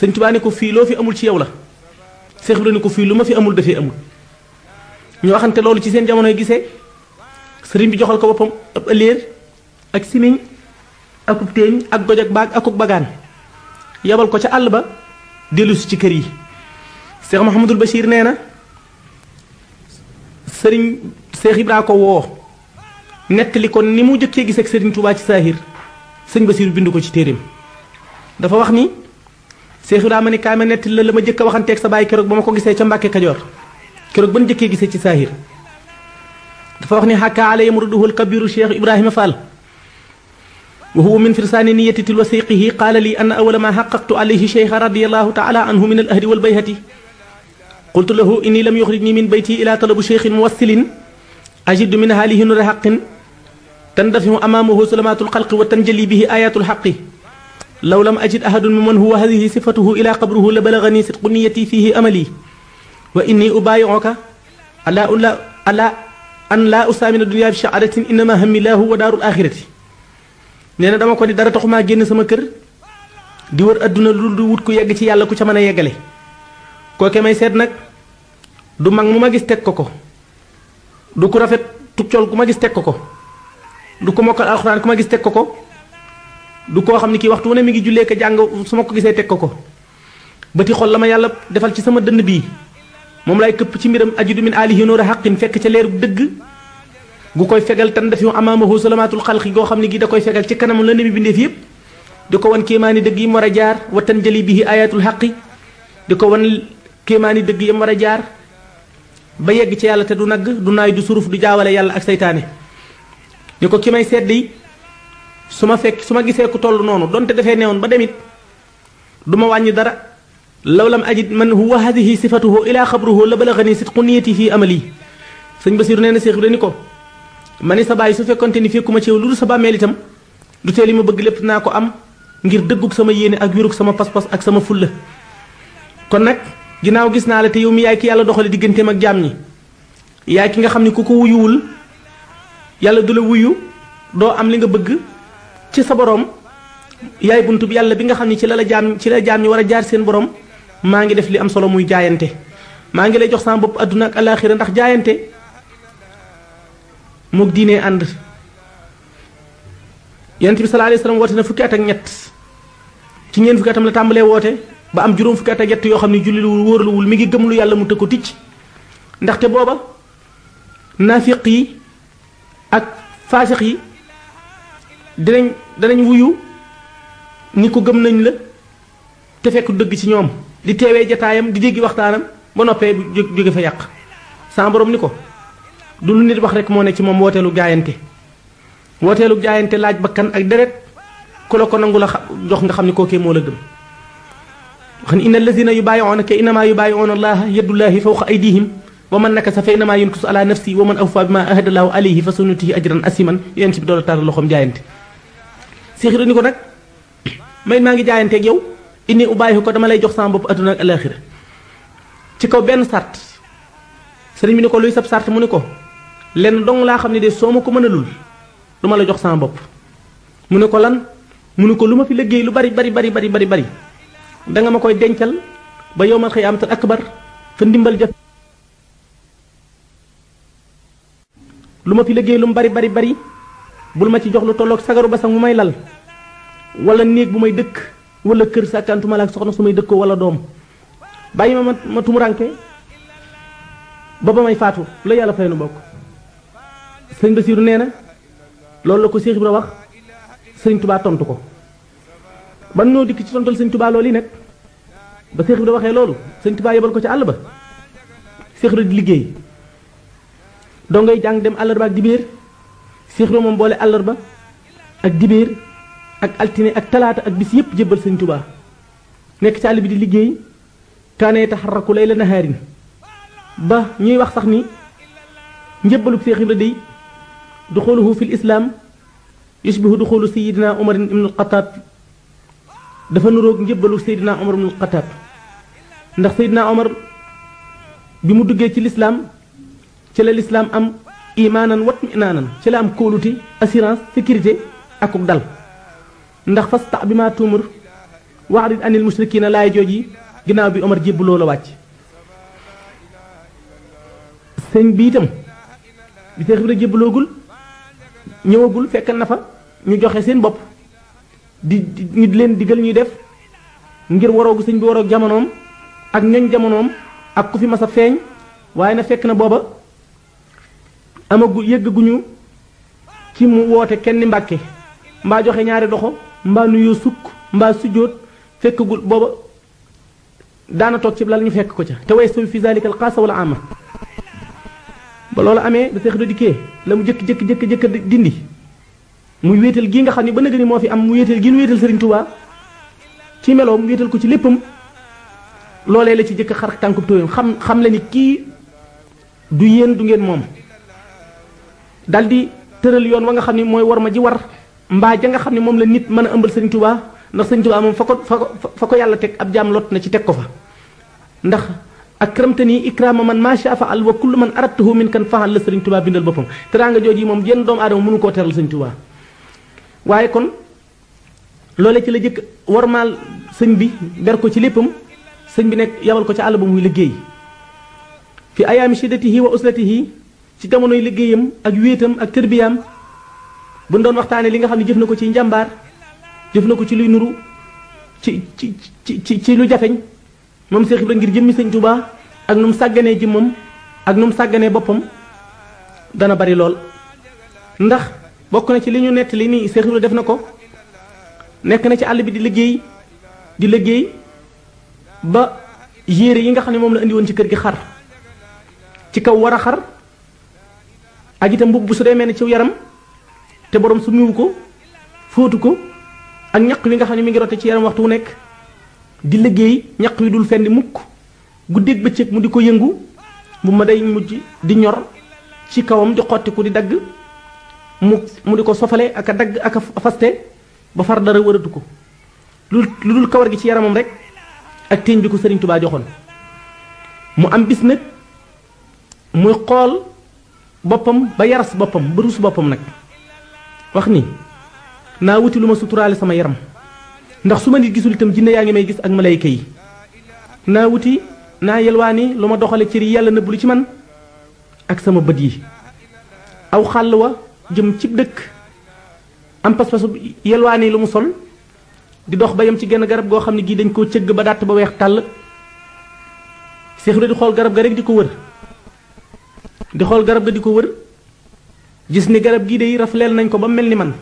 sëñ tubaa ne ko fii loo fi amul ci yow la seex bi ne ko fii lu ma fi amul dafee amul ñu waxante loolu ci seen jamono gisee sëriñ bi joxal ko boppam ab ëlléer ak simiñ teeñ ak goj ak baag yabal ko ca àll ba dellusi ci kër yi Cheikh Mouhamadul Bachir nee na sëriñ Cheikh Ibra ko woo nettali ko ni mu jëkkee gis ak sëriñ Touba ci saahir sëñ Bachir bind ko ci téeréem dafa wax ni Cheikh Ibra ma ne kaay ma nettali la la ma jëkk a waxanteeg sa bàyyi keroog ba ma ko gisee ca Mbàkke Kajoor keroog ban jëkkee gisee ci saahir dafa wax ni xàkka ala yamruduhu al kabiru Cheikh Ibrahima Fall وهو من فرسان نية الوثيقه قال لي أن أول ما حققت عليه شيخ رضي الله تعالى عنه من الأهل والبيهة قلت له إني لم يخرجني من بيتي إلى طلب شيخ موصل أجد من هاله نور حق تندفع أمامه سلمات الخلق وتنجلي به آيات الحق لو لم أجد أحد ممن هو هذه صفته إلى قبره لبلغني صدق نيتي فيه أملي وإني أبايعك على أن لا أسامن الدنيا بشعرة إنما همي الله ودار الآخرة nee na dama ko ni dara maa génn sama kër di wër adduna lu du wut ku yegg ci yàlla ku ca mën a yeggale kooke may seet nag du mag mu ma gis teg ko ko du ku rafet cool ku ma gis teg ko ko du ko mokkal alxuraan ku ma gis teg ko ko du koo xam ne kii waxtu wu ne mi ngi jullee ko jàng su ma ko gisee teg ko ko bëti xol la ma yàlla defal ci sama dënn bii moom lay këpp ci mbiram ajidu min aalihi nuura xaqin fekk ca leer dëgg gu koy fegal tan def yu amaamahu salamatul xalqi goo xam ne gi da koy fegal ci kanam la nabi bindeef yépp di ko wan kéemaani dëgg yi mu war a jaar wa tan jëli bihi ayatul xaqi di ko wan kéemaani dëgg yi mu war a jaar ba yegg ci yàlla te du nagg du naay du suruf du jaawale yàlla ak saytaane ni ko ki may sedd yi su ma fekk su ma gisee ku toll noonu donte dafee neewoon ba demit du ma wàññi dara law lam ajid man huwa hadihi sifatuhu ila xabruhu la balaxani sidqu niyati fi amali sëñ basiru nee na seex bi ni ko ma ni sa bàyyi su fekkonte ni fekkuma ci yow lu dul sa bàmmeel itam du tee li ma bëgg lépp naa ko am ngir dëggug sama yéene ak wérug sama pas-pas ak sama fulla kon nag ginnaaw gis naa la te yow mi yaay ki yàlla doxale digganteem ak jaam ñi yaay ki nga xam ni ku ko wuyuwul yàlla du la wuyu doo am li nga bëgg ci sa borom yaay bunt bi yàlla bi nga xam ni ci la la jaam ci la jaam ñi war a jaar seen borom maa ngi def li am solo muy jaayante maa ngi lay jox sama bopp adduna ak ndax jaayante mok diine and yonent bi sallallahu alayhi wasallam woote na fukki at ak ñett ci ñeen fukki atam la tàmbalee woote ba am juroom fukki ak ñett yoo mi ngi lu mu yi ak faasiq yi dinañ wuyu ni ko gëm nañ la te fekk dëgg ci ñoom di teewee jotaayam di jéggi waxtaanam ba noppee jóge fa yaq sa borom ni du lu nit wax rek moo ne ci moom wooteelu jaayante wooteelu jaayante laaj bakkan ak deret ku la ko nangu la jox nga xam ne kookee moo la gëm xan inna allazina yubaayi'unaka innamaa yubaayi'una allaha yadullahi fawqa aydihim wa man nakasa fa innamaa yunkasu ala nafsi wa man awfa bima ahada allahu alayhi fa sanutihi ajran asiman yéen ci bi doon taal loxoom jaayante séexiru ni ko nag may maa ngi jaayanteeg yow inni ubaayihu ko dama lay jox sama bopp adduna ak alaxira ci kaw benn sart sëriñ bi ni ko luy sab sart mu ni ko Lendong dong la xamni de soo ko mënalul du luma la jox sama bop mu ko lan mu ko fi liggéey lu bari bari bari bari bari bari da nga makoy dencal ba yowmal xiyamatul akbar fa ndimbal jaf luma fi liggéey lu bari bari bari bul ma ci jox lu tolok sagaru ba sang lal wala neeg bu may dekk wala soxna sumay dekk wala dom bayima ma may la yalla fay nu bokk sëñ Basiiru nee na loolu la ko Cheikh Ibra wax sëñ Touba tontu ko ban noo dikk ci tontal sëñ Touba loolu yi nag ba Cheikh Ibra waxee loolu sëñ Touba yebal ko ci àll ba Cheikh Ibra di liggéey doo ngay jàng dem àllarba ak dibéer Cheikh Ibra moom boole àllarba ak dibéer ak altine ak talaata ak bis yëpp jébbal sëñ Touba nekk ci àll bi di liggéey kaanee rakku lay la nahaarin ba ñuy wax sax ni njébbalu Cheikh Ibra day دخوله في الإسلام يشبه دخول سيدنا عمر بن القطاب دفن روك جبلو سيدنا عمر بن القطاب ندخ سيدنا عمر بمدقة الإسلام تلا الإسلام أم إيمانا واتمئنانا تلا أم كولوتي أسيران سكيرتي أكوك دال ندخ فاستع بما تمر وعد أن المشركين لا يجوجي جناب بي عمر جبلو لواتي سين بيتم بيتم بيتم بيتم ñëwagul fekk na fa ñu joxe seen bopp di ñu leen digal ñuy def ngir waroogu sëñ bi waroog jamonoom ak ñoñ jamonoom ak ku fi mas a feeñ waaye na fekk na booba amagul yëggaguñu ci mu woote kenn mbàkke mbaa joxe ñaari doxo mbaa nuyoo sukk mbaa sujjóot fekkagul booba daana toog ci lal ñu fekk ko ca te way sawi fi zalika al xaasa wala ama ba loolu amee ba seex dikkee la mu jëkk jëkk jëkk jëkk dindi muy wéetal gi nga xam ne ba nëgëni moo fi am mu wéetal gi nu wéetal sëriñ Touba ci mu wéetal ko ci léppam loolee la ci jëkk xar tànkub tóoyam xam xam la ni kii du yéen du ngeen moom dal di tëral yoon wa nga xam ne mooy war ma ji war mbaa ja nga xam ne moom la nit mën a ëmbal sëriñ Touba ndax sëriñ Touba moom fa ko fa ko ab jaam lot na ci teg ko fa ndax akramtani ikrama man maa shaa faal wa kullu man aradtuhu min kan faal la sëriñ Tuubaa bindal boppam teraanga jooju moom jenn doomu aadama mënu koo teral sëriñ Tuubaa waaye kon loole ci la jëkk warmaal sëñ bi ber ko ci léppam sëñ bi nekk yabal ko ci àll ba muy liggéey fi ayaami shiddatihi wa uslatihi ci jamonoy liggéeyam ak wéetam ak tërbiyaam bu ñu doon waxtaanee li nga xam ne jëf na ko ci njàmbaar jëf na ko ci luy nuru ci ci ci ci lu jafeñ moom Cheikh Ibra ngir jëmmi sañ Touba ak nu sàgganee jëmmam ak nu sàgganee boppam dana bari lool ndax bokk na ci li ñu nettali nii Cheikh Ibra def na ko nekk na ci àll bi di liggéey di liggéey ba yére yi nga xam ne moom la indi woon ci kër gi xar ci kaw war a xar ak itam mbubb bu su dee mel ni ci yaram te borom su miwu ko fóotu ko ak ñaq wi nga xam ne mu ngi rote ci yaram waxtu wu nekk di liggéey ñaq wi dul fenn mukk guddeeg bëccëg mu di ko yëngu bu ma day mujj di ñor ci kawam di xottiku di dagg mu mu di ko sofale ak a dagg ak a faste ba far dara wëratu ko lu lu dul kawar gi ci yaramam rek ak téeñ bi ko Sëriñ Tubaa joxoon mu am bis nag muy xool boppam ba yaras boppam ba rus boppam nag wax ni naa wuti lu ma suturaale sama yaram ndax suma nit gisul tam jinne yaangi may gis ak malaika yi na wuti na yelwani luma doxale ci yi yàlla ci man ak sama bët yi aw xàll wa jëm ci dëkk am pass passu yelwani lu sol di dox bayam ci genn garab go xamni gi dañ ko cëgg ba dat ba wéx tal di xol garab ga rek di ko wër di xol garab ga di ko wër gis ni garab gi day raflel nañ ko ba mel man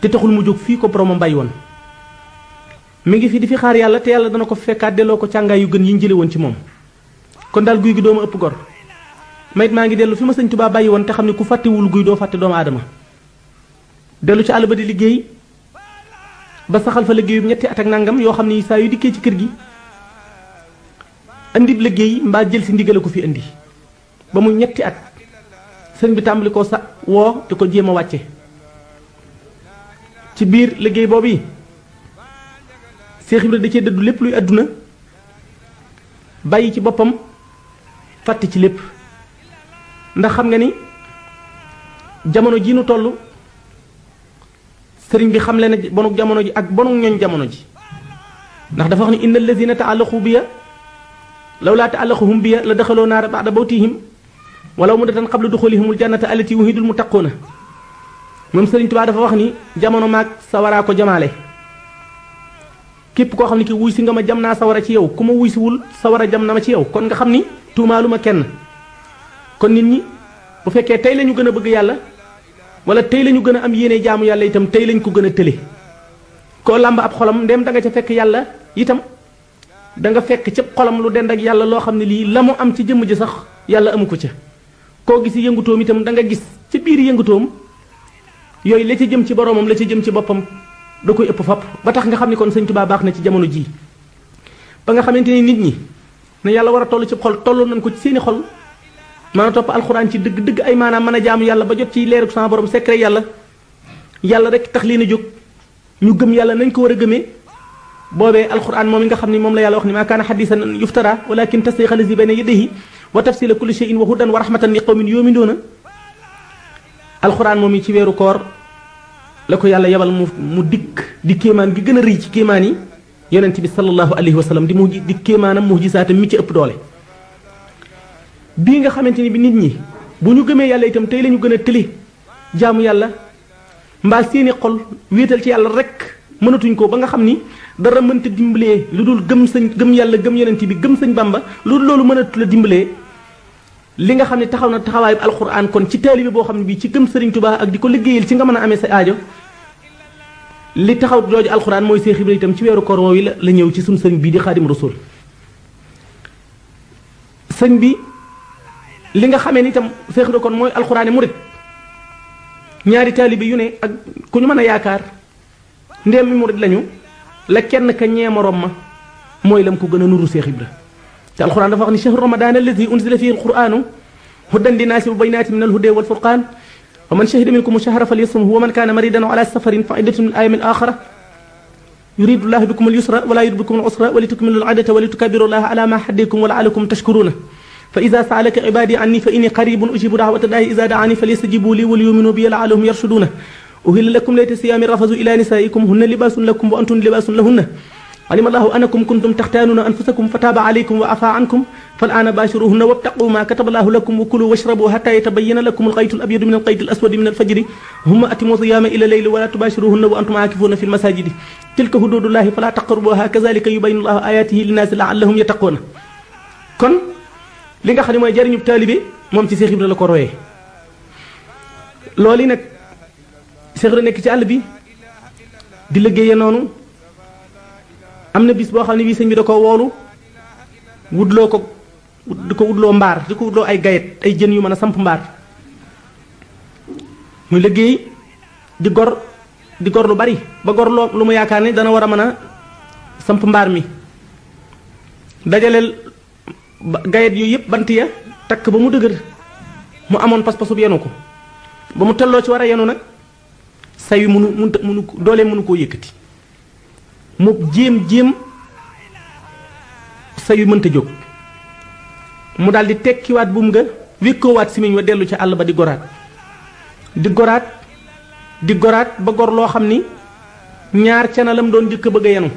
te taxul mu jog fi ko promo won mi ngi fi di fi xaar yàlla te yàlla dana ko fekkaat delloo ko càngaay yu gën yi ñu jële ci moom kon daal guy gi doomu ma ëpp gor mayit maa ngi dellu fi ma sëñ Tuubaa bàyyi woon te xam ne ku fàttewul guy doo fàtte doomu aadama dellu ci àll ba di liggéey ba saxal fa liggéeyu ñetti at ak nangam yoo xam ne saa yu dikkee ci kër gi andib liggéey mbaa jël si ndigale ko fi indi ba mu ñetti at sëñ bi tàmbali koo sa woo di ko jéem a wàcce ci biir liggéey boobu Seex Ibra da cee dëddu lépp luy àdduna bàyyi ci boppam fàtte ci lépp ndax xam nga ni jamono ji nu toll sëriñ bi xam leen ne bonuk jamono ji ak bonuk ñooñ jamono ji ndax dafa wax ni inna allazina taallaqu biya law laa taallaquhum biya la daxaloo naara baada bawtihim walaw mudatan qabla duxulihimul jannata allati wahidul muttaquuna moom sëriñ Tuubaa dafa wax ni jamono maag sa waraa ko jamaale képp koo xam ne ki wuy si nga ma jam naa sawara ci yow ku ma wuy wul sawara jam na ma ci yow kon nga xam ni tuumaalu ma kenn kon nit ñi bu fekkee tey la ñu gën a bëgg yàlla wala tey la ñu gën a am yéene jaamu yàlla itam tey lañ ko gën a tële koo làmb ab xolam ndem da nga ca fekk yàlla itam da nga fekk ca xolam lu dend ak yàlla loo xam ne lii la am ci jëmm ji sax yàlla amu ko ca koo gis yëngutoom itam da nga gis ca biir yëngutoom yooyu la ci jëm ci boromam la ci jëm ci boppam da koy ëpp fopp ba tax nga xam ni kon sëñ Tuubaa baax na ci jamono jii ba nga xamante ni nit ñi na yàlla war a toll ci xol tollu nañ ko ci seeni xol mën a topp alxuraan ci dëgg dëgg ay maanaam mën a jaamu yàlla ba jot ci leerug sama borom secret yàlla yàlla rek tax leen a jóg ñu gëm yàlla nañ ko war a gëmee boobee alxuraan moom nga xam ni moom la yàlla wax ni ma kaana xadisan yuftara walakin tasdiqa lazi bayna yadayhi wa tafsila kulli shayin wa hudan wa rahmatan li qawmin yuminuuna alxuraan moom ci weeru koor la ko yàlla yebal mu mu dikk di kéemaan bi gën a rëy ci kéemaan yi yonent bi sallallahu alayhi wa sallam di mu di kéemaanam mujjisaatam mi ci ëpp doole bii nga xamante ni bi nit ñi bu ñu gëmee yàlla itam tey lañu gën a tëli jaamu yàlla mbaa seeni xol wéetal ci yàlla rek mënatuñ ko ba nga xam ni dara mën te dimbalee lu dul gëm sañ gëm yàlla gëm yonent bi gëm sañ bamba lu dul loolu mënatu la dimbalee li nga xam ne taxaw na taxawaayu alxuraan kon ci taalibe boo xam ne bii ci gëm sëriñ tubaa ak di ko liggéeyal ci nga mën a amee sa aajo li taxaw jooju alxuraan mooy Seex Ibra itam ci weeru koor woowu la la ñëw ci suñu sëñ bii di xaadim rasul sëñ bi li nga xamee ni itam Seex Ibra kon mooy alxuraani murit ñaari taalibe yu ne ak ku ñu mën a yaakaar ndéem mi murit lañu la kenn ka ñee morom ma mooy lam ko gën a nuru Seex Ibra te alxuraan dafa wax ni shahru ramadaan alladi unzila fihi alquraanu hudan linnaasi wa bayyinaatin min alhudaa wal furqaan ومن شهد منكم الشهر فليصم هو من كان مريدا على سفر فعدة من أيام الآخرة يريد الله بكم اليسر ولا يريد بكم العسر ولتكملوا العدة ولتكبروا الله على ما حدكم ولعلكم تشكرونه فإذا سألك عبادي عني فإني قريب أجيب دعوة الله إذا دعاني فليستجيبوا لي وليؤمنوا بي لعلهم يرشدون أهل لكم ليت صيام رفزوا إلى نسائكم هن لباس لكم وأنتم لباس لهن علم الله أنكم كنتم تختانون أنفسكم فتاب عليكم وعفى عنكم فالآن باشروهن وابتقوا ما كتب الله لكم وكلوا واشربوا حتى يتبين لكم القيت الأبيض من القيت الأسود من الفجر هم أتموا صيام إلى الليل ولا تباشروهن وأنتم عاكفون في المساجد تلك حدود الله فلا تقربوها كذلك يبين الله آياته للناس لعلهم يتقون كن li خدمة جارين يبتالي بي ممتي سيخي moom ci Cheikh Ibra سيخي ko royee loolu yi nag Cheikh am bis bo xamni wi señ bi da ko wolu wudlo ko di ko wudloo mbaar di ko lo ay gayet ay jeen yu meuna samp mbar muy liggey di gor di gor lu bari ba gor lo lu mu yakane dana wara meuna samp mbar mi dajalel gayet yu yeb bant ya tak ba mu deugur mu amone pas passu yenuko ba mu tello ci wara yenu nak say wi munu munu munu koo mu Jim Jim sayu mënta jog mu daldi di wat buum nga wat simiñ wa delu ci Allah ba di gorat di gorat di gorat ba gor lo xamni ni ci na lam doon jëkk bëgg yanu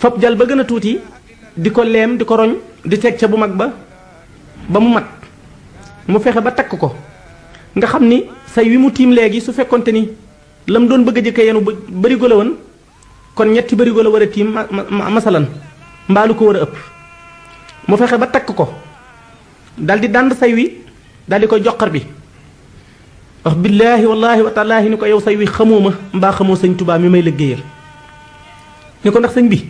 fop jal ba gëna tuuti di ko di roñ di tek ci bu mag ba ba mu mat mu fexé ba tak ko nga xamni say wi mu tim legi su fekkonté ni lam doon bëgg a yanu bari kon ñetti bërigo la war a tiim masalan mbaa lu ko war a ëpp mu fexe ba takk ko daldi di dànd say wi dal ko koy bi wax billaahi wallaahi wa ni ko yow say wi xamoo ma mbaa xamoo sëñ Tuubaa mi may liggéeyal ni ko ndax sëñ bi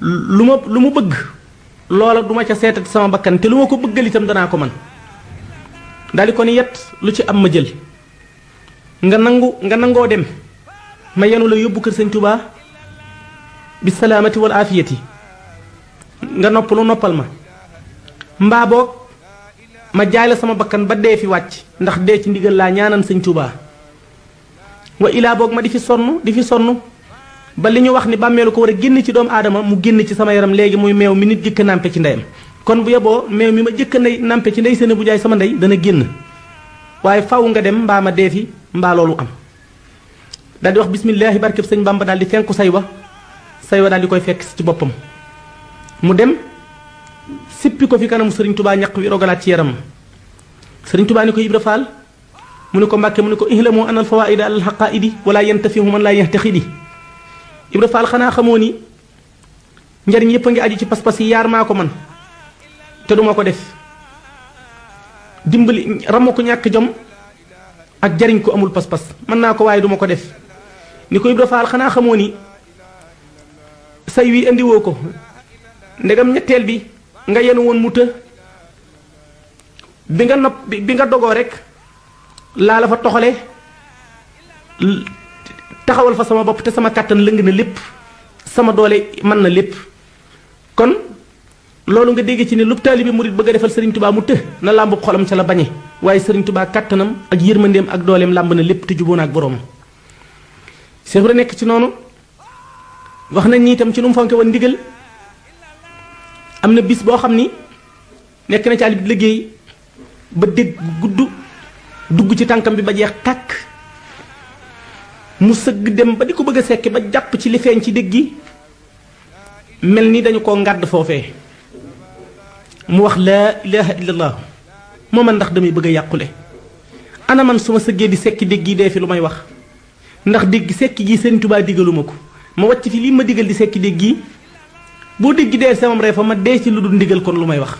lu ma lu mu bëgg loola duma ca seetat sama bakkan te lu ma ko bëggal danaa ko man daldi ko ni yet lu ci am ma jël nga nangu nga nangoo dem ma yenu la yóbbu kër sëñ Tuubaa bi salaamati wal aafiyati nga noppalu noppal ma mbaa boog ma jaay la sama bakkan ba dee fi wàcc ndax dee ci ndigal laa ñaanan sëñ Tuubaa wa ilaa boog ma di fi sonn di fi sonn ba li ñu wax ni bàmmeelu ko war a génn ci doomu aadama mu génn ci sama yaram léegi muy meew mi nit jëkk nàmpe ci ndeyam kon bu yeboo meew mi ma jëkk ndey nàmpe ci ndey seen bu jaay sama ndey dana génn waaye faw nga dem mbaa ma dee fi mbaa loolu am daal di wax bismillaahi barkeb sëñ Bamba daal di fenku say wa say wa daal di koy fekk ci boppam mu dem sippi ko fi kanamu sëriñ tubaa ñaq wi rogalaat ci yaram sëriñ tubaa ni ko Ibra Faal mu ne ko Mbàkke mu ne ko ihlamu anal fawaida alal haqaidi wala yantafihu man laa yahtaxidi Ibra Faal xanaa xamoo ni njariñ yépp a ngi aju ci pas-pas yi yaar maa ko man te duma ko def dimbali ramu ko ñàkk jom ak jariñ ko amul pas-pas mën naa ko waaye duma ko def ni koy Ibra xanaa xamoo ni say wi indiwoo ko ndegam ñetteel bi nga yenu woon mu të bi nga nopp bi nga dogoo rek laa la fa toxale taxawal fa sama bopp te sama kàttan lëng na lépp sama doole man na lépp kon loolu nga dégg ci ne lu taalibe murit bëgg a defal Serigne Touba mu të na làmbu xolam ca la bañe waaye Serigne Touba kàttanam ak yërmandeem ak dooleem làmb na lépp te juboo na ak boroom Cheikh Ibra nekk ci noonu wax na ni itam ci nu mu fonke ndigal am na bis boo xam ni nekk na ci àll liggéey ba dégg gudd dugg ci tànkam bi ba jeex tàkk mu sëgg dem ba di ko bëgg a sekki ba jàpp ci li ci dégg gi mel ni dañu ko ngàdd foofee mu wax laa ilaha illallah moo man ndax damay bëgg a yàqule ana su ma sëggee di sekki dégg yi dee fi lu may wax ndax dégg sekk ji sëriñ Tuubaa digaluma ko ma wàcc fi lii ma digal di sekki dégg yi boo dégg dee samam rey fa ma dee ci lu dul ndigal kon lu may wax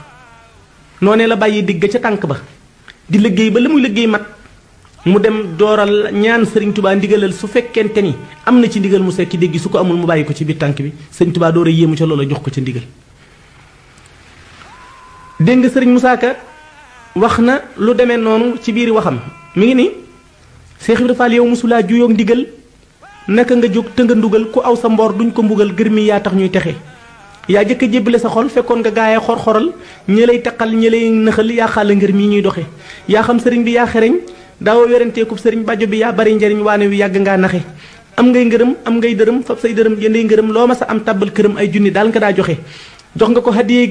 noonee la bàyyi digg ca tànk ba di liggéey ba la muy liggéey mat mu dem dooral ñaan sëriñ Tuubaa ndigalal su fekkente ni am na ci ndigal mu sekki dégg su ko amul mu bàyyi ko ci biir tànk bi sëriñ Tuubaa door a yéemu ca loola jox ko ca ndigal dégg nga sëriñ Musaa Ka wax na lu demee noonu ci biir waxam mi ngi Cheikh Ibra Fall yow mosulaa juyoog ndigal naka nga jóg të nga ndugal ku aw sa mboor duñ ko mbugal gër mi yaa tax ñuy texe yaa jëkk a jébbale sa xol fekkoon nga gaayee xor-xoral ñi lay taqal ñi lay nëxal yaa xaala ngër mii ñuy doxe yaa xam sëriñ bi yaa xereñ daawoo weranteekub sëriñ bàjjo bi yaa bari njariñ waane wi yàgg ngaa naxe am ngay ngërëm am ngay dërëm fab say dërëm jënday ngërëm loo ma sa am tàbbal këram ay junni daal nga daa joxe jox nga ko hadiyee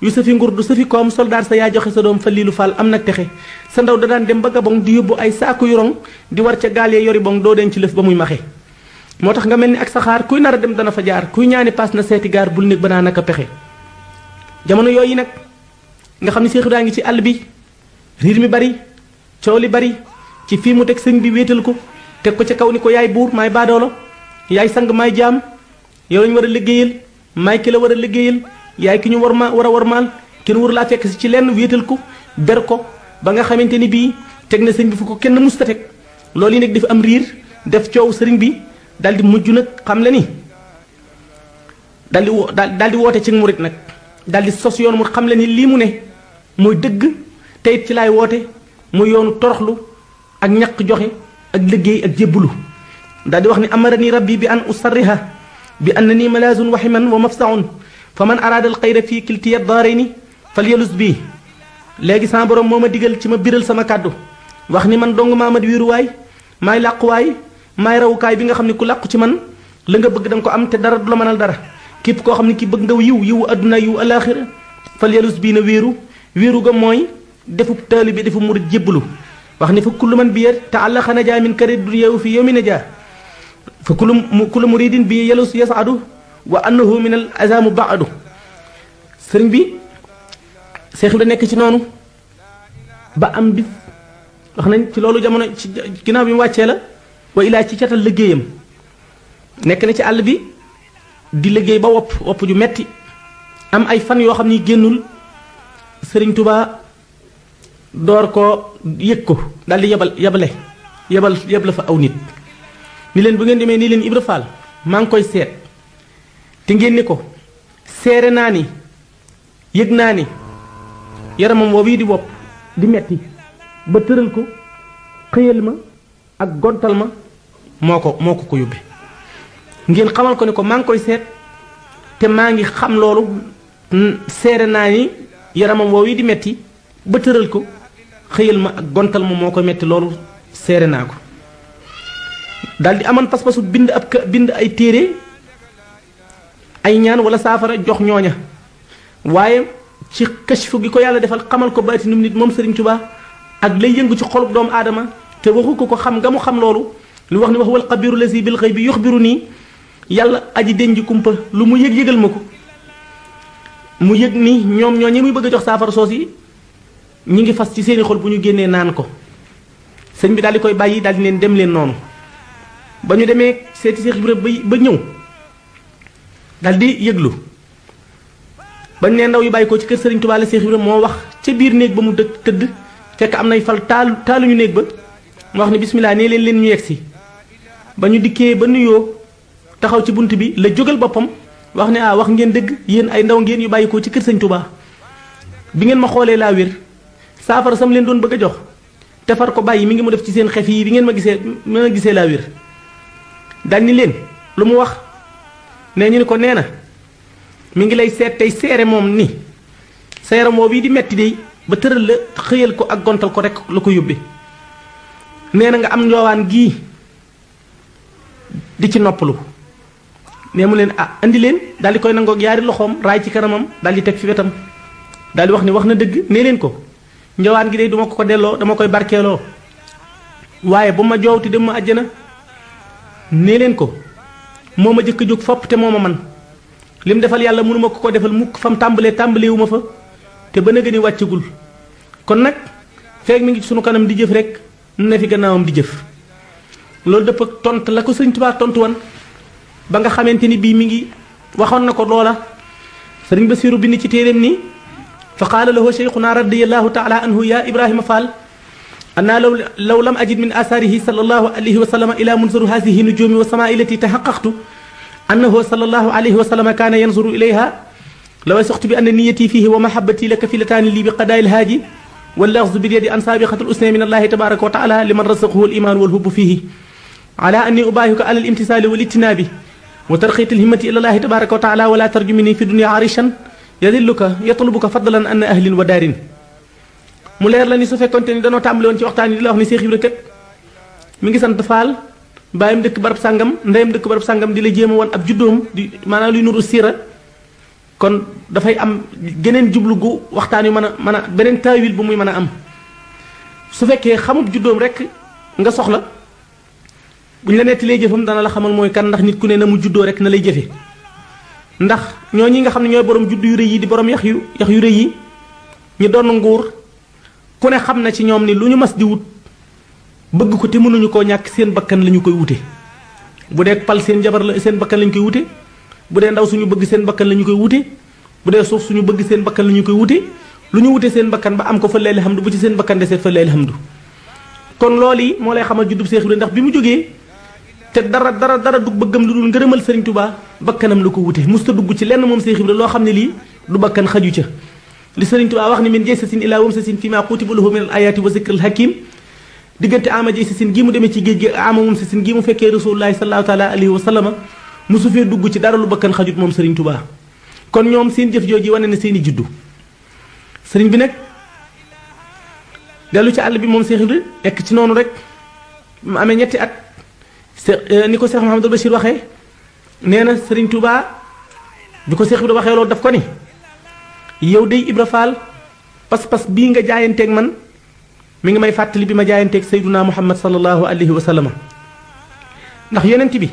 yu sa fi ngurdu sa fi koom soldaar sa yaa joxe sa doom fa liilu faal am na texe sa ndaw da daan dem ba gabon di yóbbu ay saaku yoroŋ di war ca gaal yee yori boŋ doo denc lëf ba muy maxe moo tax nga mel ni ak saxaar kuy nar a dem dana fa jaar kuy ñaani paas na seeti gaar bul nekk ba naa naka pexe jamono yooyu nag nga xam ne Seexu daa ngi ci àll bi riir mi bari coow li bari ci fii mu teg sëñ bi wéetal ko teg ko ca kaw ni ko yaay buur maay baadoolo yaay sang maay jaam yow lañ war a liggéeyal maay ki la war a liggéeyal yaay ki ñu war ma war a war maal kenn waru laa fekk si ci lenn wéetal ko ber ko ba nga xamante ni bii teg na sëriñ bi fu ko kenn musta teg loolu yi nag dafa am riir def coow sëriñ bi daal di mujj nag xam la ni daal di wo daldi woote ci murit nag daal di sos yoon mu xam la ni lii mu ne mooy dëgg te ci laay woote muy yoonu toroxlu ak ñaq joxe ak liggéey ak jébbalu daal di wax ni amara ni rabbi bi bi an usarriha bi anna ni malazun waximan wa mafsaun fa man araadal xayra fii kiltiya daarayni falyalus bii léegi sama borom moo ma digal ci ma biral sama kàddu wax ni man dong maa mat wéeruwaay maay làquwaay maay rawukaay bi nga xam ne ku làqu ci man la nga bëgg da nga ko am te dara du la mënal dara képp koo xam ne ki bëgg nga yiw yiwu adduna yiw alaxira falyalus bii na wéeru wéeru ga mooy defub taali bi defu murit jébbalu wax ni fa kullu man bi yet te àllaxa najaa min kari dunya fi yawmi najaa fa kullu kullu muridin bi yalus yasadu wa annahu min al azamu baadu sëriñ bi seex la nekk ci noonu ba am bis wax nañ ci loolu jamono ci ginaaw bi mu wàccee la wa ilaa ci catal liggéeyam nekk na ci àll bi di liggéey ba wopp wopp ju metti am ay fan yoo xam ni génnul sëriñ tubaa door ko yég ko daal di yebal yebale yebal yeb la fa aw nit ni leen bu ngeen demee nii leen Ibra Faal maa ngi koy seet te ngeen ni ko seere naa ni yëg naa ni yaramam woowu yi di wopp di metti ba tëral ko xëyal ma ak gontal ma moo ko moo ko ko yóbbe ngeen xamal ko ni ko maa ngi koy seet te maa ngi xam loolu seere naa ni yaramam woowu yi di metti ba tëral ko xëyal ma ak gontal ma moo ko metti loolu seere naa ko daldi aman pas-pasu bind ab bind ay téere ay ñaan wala saafara jox ñooña waaye ci kashfu gi ko yàlla defal xamal ko ba baatinum nit moom Serigne Touba ak lay yëngu ci xolub doomu aadama te waxu ko ko xam nga mu xam loolu lu wax ni wax wal xabiru lasi bil xëy bi yuxbiru nii yàlla aji denji kumpa lu mu yég yëgal ma ko mu yëg ni ñoom ñoo ñi muy bëgg a jox saafara soos yi ñu ngi fas ci seeni xol bu ñu génnee naan ko sëñ bi daal koy bàyyi daal di leen dem leen noonu ba ñu demee seeti Seex Ibra ba ñëw dal di yëglu bañ nee ndaw yu bàyyi ko ci kër Serigne Touba la Cheikh Ibrahima moo wax ca biir néeg ba mu dëkk tëdd fekk am nay fal taalu taaluñu néeg ba mu wax ne bismillah nee leen leen ñu yegg si ba ñu dikkee ba nuyoo taxaw ci bunt bi la jógal boppam wax ne ah wax ngeen dëgg yéen ay ndaw ngeen yu bàyyi ci kër Serigne Touba bi ngeen ma xoolee laa wér saafara sam leen doon bëgg a jox tefar ko bàyyi mi ngi mu def ci seen xef yi bi ngeen ma gisee mën a gisee laa wér daal leen lu mu wax. ne ñu ni ko nee na mu ngi lay seet tey seere moom ni sa yaram woowu yi di metti de ba tëral la xëyal ko ak gontal ko rek lu ko yóbbi nee na nga am njoowaan gii di ci noppalu nee mu leen ah indi leen daal di koy nangoog yaari loxoom raay ci kanamam daal di teg fi wetam daldi wax ni wax na dëgg nee leen ko njowaan gi de duma ko delloo dama koy barkeeloo waaye bu ma joowti dem ma àjjana nee leen ko moo ma jëkk jóg fopp te moo ma man li mu defal yàlla mënuma ko ko defal mukk fam tàmbalee tàmbaleewu ma fa te ba nëgë ni wàccagul kon nag feeg mi ngi sunu kanam di jëf rek na fi gannaawam di jëf loolu dëpp ak tont la ko sëñ Tuubaa tontu woon ba nga xamante ni bii mi ngi waxoon na ko loola sëriñ Basiiru bind ci téeréem ni fa qaala lahu cheikhuna radiyallahu taala anhu ya ibraahima fall أنا لو, لو لم أجد من آثاره صلى الله عليه وسلم إلى منظر هذه النجوم والسماء التي تحققت أنه صلى الله عليه وسلم كان ينظر إليها لوثقت بأن نيتي فيه ومحبتي لكفيلتان لي بقضاء الهادي واللغز باليد أن سابقة الأسنى من الله تبارك وتعالى لمن رزقه الإيمان والهب فيه على أني أباهك على الامتثال والاجتناب وترقية الهمة إلى الله تبارك وتعالى ولا ترجمني في الدنيا عريشا يذلك يطلبك فضلا أن أهل ودار mu leer la ni su fekkonte ni danoo tàmbali woon ci waxtaan yi di la wax ni Cheikh Ibra kat mi ngi sant Faal bàyyam dëkk barab sàngam ndeyam dëkk barab sàngam di la jéem a woon ab juddoom di maanaam luy nuru siira kon dafay am geneen jublu gu waxtaan yu mën a mën a beneen taawil bu muy mën a am su fekkee xamub juddoom rek nga soxla buñ la nettalee jëfam dana la xamal mooy kan ndax nit ku ne na mu juddoo rek na lay jëfe ndax ñoo ñi nga xam ne ñooy borom juddu yu rëy yi di borom yax yu yax yu yi ñu doon nguur ku ne xam na ci ñoom ni lu mas di wut bëgg ko te mënuñu koo ñàkk seen bakkan lañu koy wute bu dee pal seen jabar la seen bakkan lañ koy wute bu dee ndaw suñu bëgg seen bakkan lañu koy wute bu dee suuf suñu bëgg seen bakkan lañu koy wute lu ñu seen bakkan ba am ko fa leel hamdu bu ci seen bakkan desee fa hamdu kon loli yi moo lay xamal juddub seex ndax bi mu jógee te dara dara dara du bëggam lu dul ngërëmal sëriñ tuba bakkanam la ko wute musta dugg ci lenn moom seex ibra loo xam ne lii du bakkan xaju ca li sëriñ Tuubaa wax ni min jaysasin ilaa wamsasin fi ma kutiba lahu min al ayati wa zikril hakim diggante ama jaysasin gi mu demee ci géej gi ama wamsasin gi mu fekkee rasulullahi sallallahu taala alayhi wa sallama musu fee dugg ci dara lu bakkan xajut moom sëriñ Tuubaa kon ñoom seen jëf jooju wane na seeni juddu sëriñ bi nag dellu ci àll bi moom Seex Ibra nekk ci noonu rek mu amee ñetti at ni ko Seex Muhammadul Bachir waxee nee na sëriñ Tuubaa bi ko Seex Ibra waxee loolu daf ko ni yow day Ibra Faal pas-pas bii nga jaayanteeg man mu ngi may fàttali bi ma jaayanteeg sayduna muhammad sallallahu alayhi wa sallam ndax yonent bi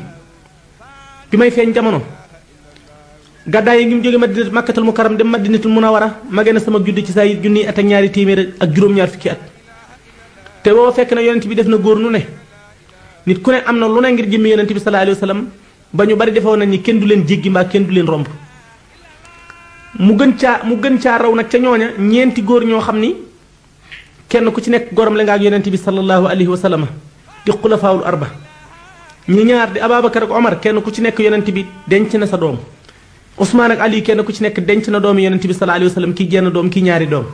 bi may feeñ jamono gàddaay yi ngi mu jóge madina makkatul karam dem madinatul munawara ma gën na sama judd ci sa yi junniy at ak ñaari téeméer ak juróom-ñaar fukki at te boo fekk na yonent bi def na góor nu ne nit ku ne am na lu ne ngir jëmmi yonent bi sallallahu alayhi wa ba ñu bari defewoon nañ ni kenn du leen jéggi mbaa kenn du leen romb mu gën caa mu gën caa raw nag ca ñooña ñeenti góor ñoo xam ni kenn ku ci nekk gorom la nga ak yonent bi sallallahu alayhi wa sallam di xulafaawul arba ñu ñaar di Ababacar ak Omar kenn ku ci nekk yonent bi denc na sa doom Ousmane ak Ali kenn ku ci nekk denc na doomi yonent bi sallallahu alayhi wa sallam kii genn doom ki ñaari doom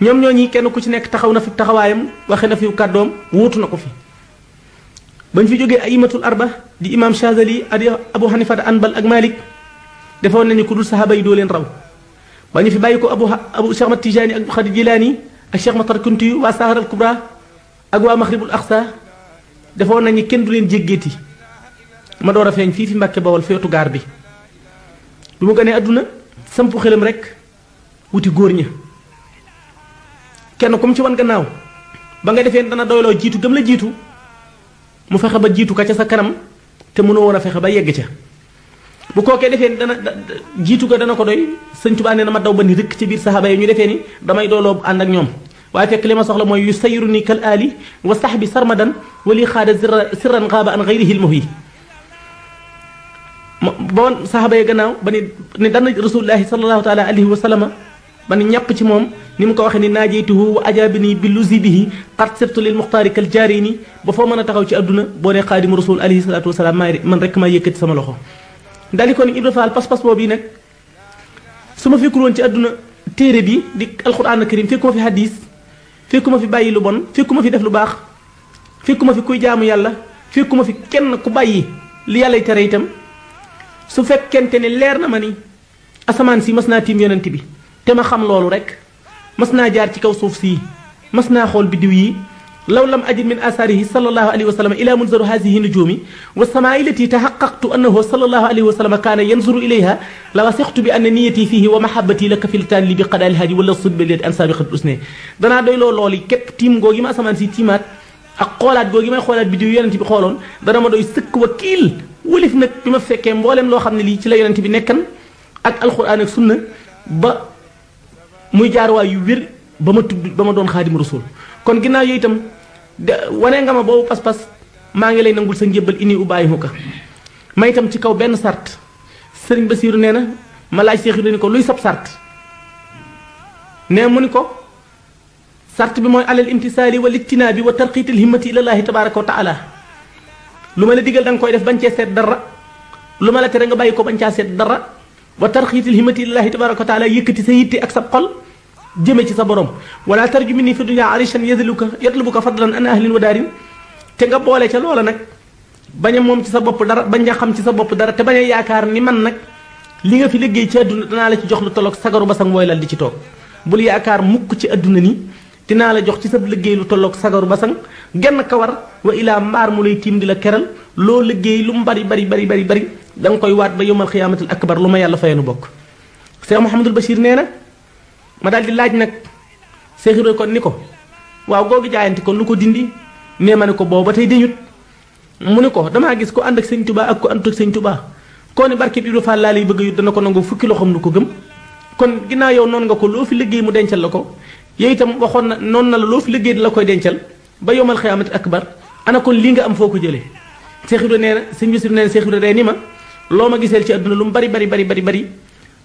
ñoom ñooñi kenn ku ci nekk taxaw na fi taxawaayam waxe na fi doom wuutu na ko fi bañ fi jógee ay imatul arba di imam Chazali ak Abu Hanifa Anbal ak Malik defoon nañu ku dul saxaaba yi doo leen raw ba ñu fi bàyyi ko abu abu Cheikh Mat Tijaani ak Xadir Jilaani ak Cheikh Matar Kunti waa Saharal Kubra ak waa Maxribul Aqsa defoon nañu kenn du leen jéggeeti ma door a feeñ fii fi Mbàkke Bawol feetu gaar bi bi mu ganee àdduna sampu xelam rek wuti góor ña kenn comme ci wan gannaaw ba nga defee dana doyloo jiitu gëm la jiitu mu fexe ba jiitu ka ca sa kanam te mënoo woon a fexe ba yegg ca bu kookee defee ni dana jiitu ga dana ko doy sëñ Tuubaa nee na ma daw ba ni rëkk ci biir saxaaba yi ñu defee ni damay dooloo ànd ak ñoom waaye fekk li ma soxla mooy yu sayiru ni kal aali wa sax bi sarmadan wali xaada sirran xaaba an xayrihi l ma bon saxaaba yi gannaaw ba ni ni dana rasulullahi salallahu taala alayhi wa sallama ba ni ñàpp ci moom ni mu ko waxee ni naajeytuhu wa ajaabini bi luzi bihi xat sirtu lil muxtaari kal jaarini ba foo mën a taxaw ci adduna boo ne xaadimu rasul alayhi salatu wasalaam maa man rek maa yëkkati sama loxo daal di ko ni Ibra Fall pas-pas boobu yi nag su ma fekkul woon ci àdduna téere bi di alxuraan karim fekkuma fi hadis fekkuma fi bàyyi lu bon fekkuma fi def lu baax fekkuma fi kuy jaamu yàlla fekkuma fi kenn ku bàyyi li yàlla tere itam su fekkente ne leer na ma ni asamaan si mas naa tiim yonent bi te ma xam loolu rek mas naa jaar ci kaw suuf sii mas naa xool biddiw yi لو لم أجد من آثاره صلى الله عليه وسلم إلى منظر هذه النجوم والسماء التي تحققت أنه صلى الله عليه وسلم كان ينظر إليها لوثقت بأن نيتي فيه ومحبتي لك في التان لي بقضاء الهادي ولا الصدب بليت أن سابقة الأسنة دانا دوي لو لولي كيب تيم غوغي ما سمان سي تيمات أقوالات غوغي ما may بديو bi بخولون yonent ما دوي سك وكيل ولف نك بما wulif nag لو ma لي تلا loo بنكن أك القرآن السنة ب yonent يوير بما ak alquran ak kon ginnaaw yooyu itam wane nga ma boobu pas-pas maa ngi lay nangul sa njébbal ini ubàyyi mu ka may itam ci kaw benn sart sëriñ ba Basiiru nee na ma laaj Seex Ibra ni ko luy sab sart ne mu ni ko sart bi mooy alal imtisaali wal ijtinaabi wa tarqiitil himmati ilallaahi tabaaraka wa taala lu ma la digal da nga koy def bañ cee seet dara lu ma la tere nga bàyyi ko bañ caa seet dara wa tarqiitil himmati yi tabaaraka wa taala yëkkati sa yitte ak sab xol jëme ci sa borom wala tarju minni fi dunya arishan yadluka yadlubuka fadlan an ahlin wa darin te nga boole ca loola nag bañ a moom ci sa bopp dara bañ a xam ci sa bopp dara te bañ a yaakaar ni man nag li nga fi liggéey ci àdduna danaa la ci jox lu tolloog sagaru basang mooy lal di ci toog bul yaakaar mukk ci àdduna ni dinaa la jox ci sa liggéey lu tolloog sagaru basang genn kawar wa ilaa mbaar mu lay tiim di la keral loo liggéey lu mu bari bari bari bari bari da nga koy waat ba yowmal xiyaamatul akbar lu ma yàlla fayanu bokk cheikh mouhamadul bachir nee na ma daal di laaj nag Cheikh Ibra kon ni ko waaw googu jaayante kon lu ko dindi nee ma ne ko booba tey deñut mu ne ko damaa gis ko ànd ak sëñ Tuubaa ak ko àndut ak sëñ tubaa koo ne barkeb Ibra Fall laa lay bëgg yu dana ko nangu fukki loxoom lu ko gëm kon ginnaaw yow noon nga ko loo fi liggéey mu dencal la ko yooyu itam waxoon na noonu na la loo fi liggéey di la koy dencal ba yomal xiyaamat akbar ana kon lii nga am foo ko jëlee Cheikh Ibra nee na sëñ Bisiru nee na Cheikh ni ma loo ma giseel ci àdduna lu mu bari bari bari bari bari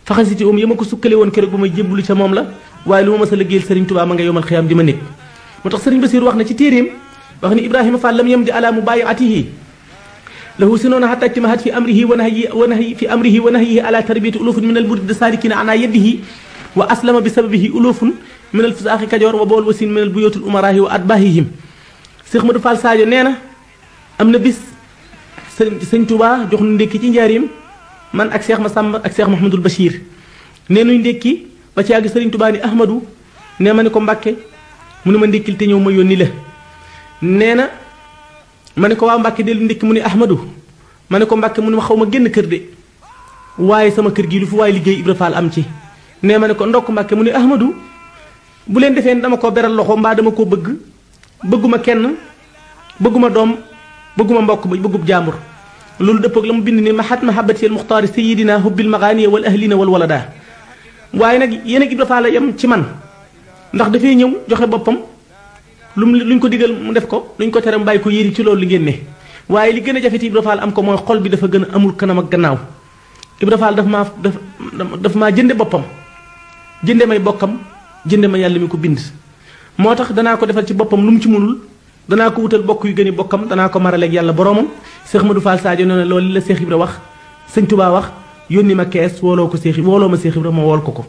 faxasiti um ya ma ko sukkale woon keroog ba may jébbalu ca moom la waaye lu ma mas a liggéeyal sëriñ Tuubaa ma nga yomal xiyaam di ma nekk moo tax sëriñ Basiir wax na ci téeréem wax ni Ibrahima Fall lam yam di ala mubayiatihi lahu sinoona xatta ci mahat fi amrihi wa nahyi wa nahyi fi amrihi wa nahyihi ala tarbiyati ulufun min al murid salikina ana yadihi wa aslama bi sababihi ulufun min al fasaaxi kajoor wa bool wasin min al buyutul umaraahi wa atbaahihim Seex Madu Fall Sadio nee na am na bis sëñ Tuubaa jox na ndékki ci njaarim man ak seex ma sàmba ak seex Cheikh Mouhamadul Bachir nee nuy ndékki ba ci yàgg Serigne Touba ni Ahmadou nee ma ne ko Mbàkke mu ne ma ndékkil te ñëw ma yónni la nee na ma ne ko waa Mbàkke dellu ndékki mu ne Ahmadou ma ne ko Mbàkke mu ne ma xaw ma génn kër de waaye sama kër gi lu fu waaye liggéey Ibra Fall am ci nee ma ne ko ndokk Mbàkke mu ne Ahmadou bu leen defee dama ko beral loxo mbaa dama ko bëgg bëgguma kenn bëgguma doom bëgguma mbokk bëggub jaambur loolu dëppoog la mu bind ni mahat mahabati al muxtaari sayidina hubbil maxaaniya wal ahlina wal walada waaye nag yéen a Ibra Faal la yem ci man ndax dafay ñëw joxe boppam lu mu luñ ko digal mu def ko luñ ko tere mu bàyyi ko yéri ci loolu li ngeen ne waaye li gën a jafe ci Ibra Faal am ko mooy xol bi dafa gën a amul kanam ak gannaaw Ibra Faal daf maa daf daf maa jënde boppam jënde may bokkam jënde ma yàlla mi ko bind moo tax danaa ko defal ci boppam lu mu ci mënul danaa ko wutal bokk yu gën i bokkam danaa ko maraleeg yàlla boromam Cheikh Madou Fall Sadio nee na loolu li la Cheikh Ibra wax sëñ Touba wax yónni ma kees wooloo ko Cheikh wooloo ma Cheikh Ibra ma wool ko ko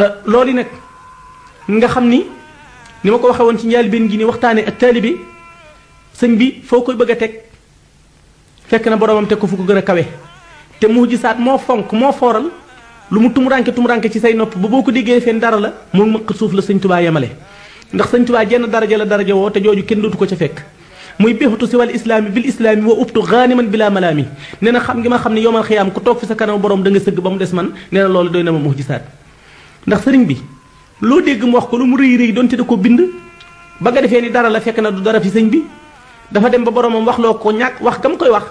euh, loolu nag nga xam ni ni ma ko waxee woon ci njëlbéen gi ni waxtaane ak taalibe sëñ bi foo koy bëgg a teg fekk na boromam teg ko fu ko gën a kawe te mu saat moo fonk moo fooral lu mu tumuranke tumuranke ci say nopp ba boo ko diggee fenn dara la moom mëq suuf la yemale ndax sëñ Tuubaa jenn daraja la daraja woo te jooju kenn dootu ko ca fekk muy béxatu si wàll islaami bil islaami wa ubtu gaaniman bila malaami nee na xam ngi ma xam ne yomal xiyaam ku toog fi sa kanam borom da nga sëgg ba mu des man nee na loolu doy na ma muhjisaat ndax sëriñ bi loo dégg mu wax ko lu mu rëy rëy donte da ko bind ba nga defee ni dara la fekk na du dara fi sëñ bi dafa dem ba boromam wax loo ko ñàkk wax kam koy wax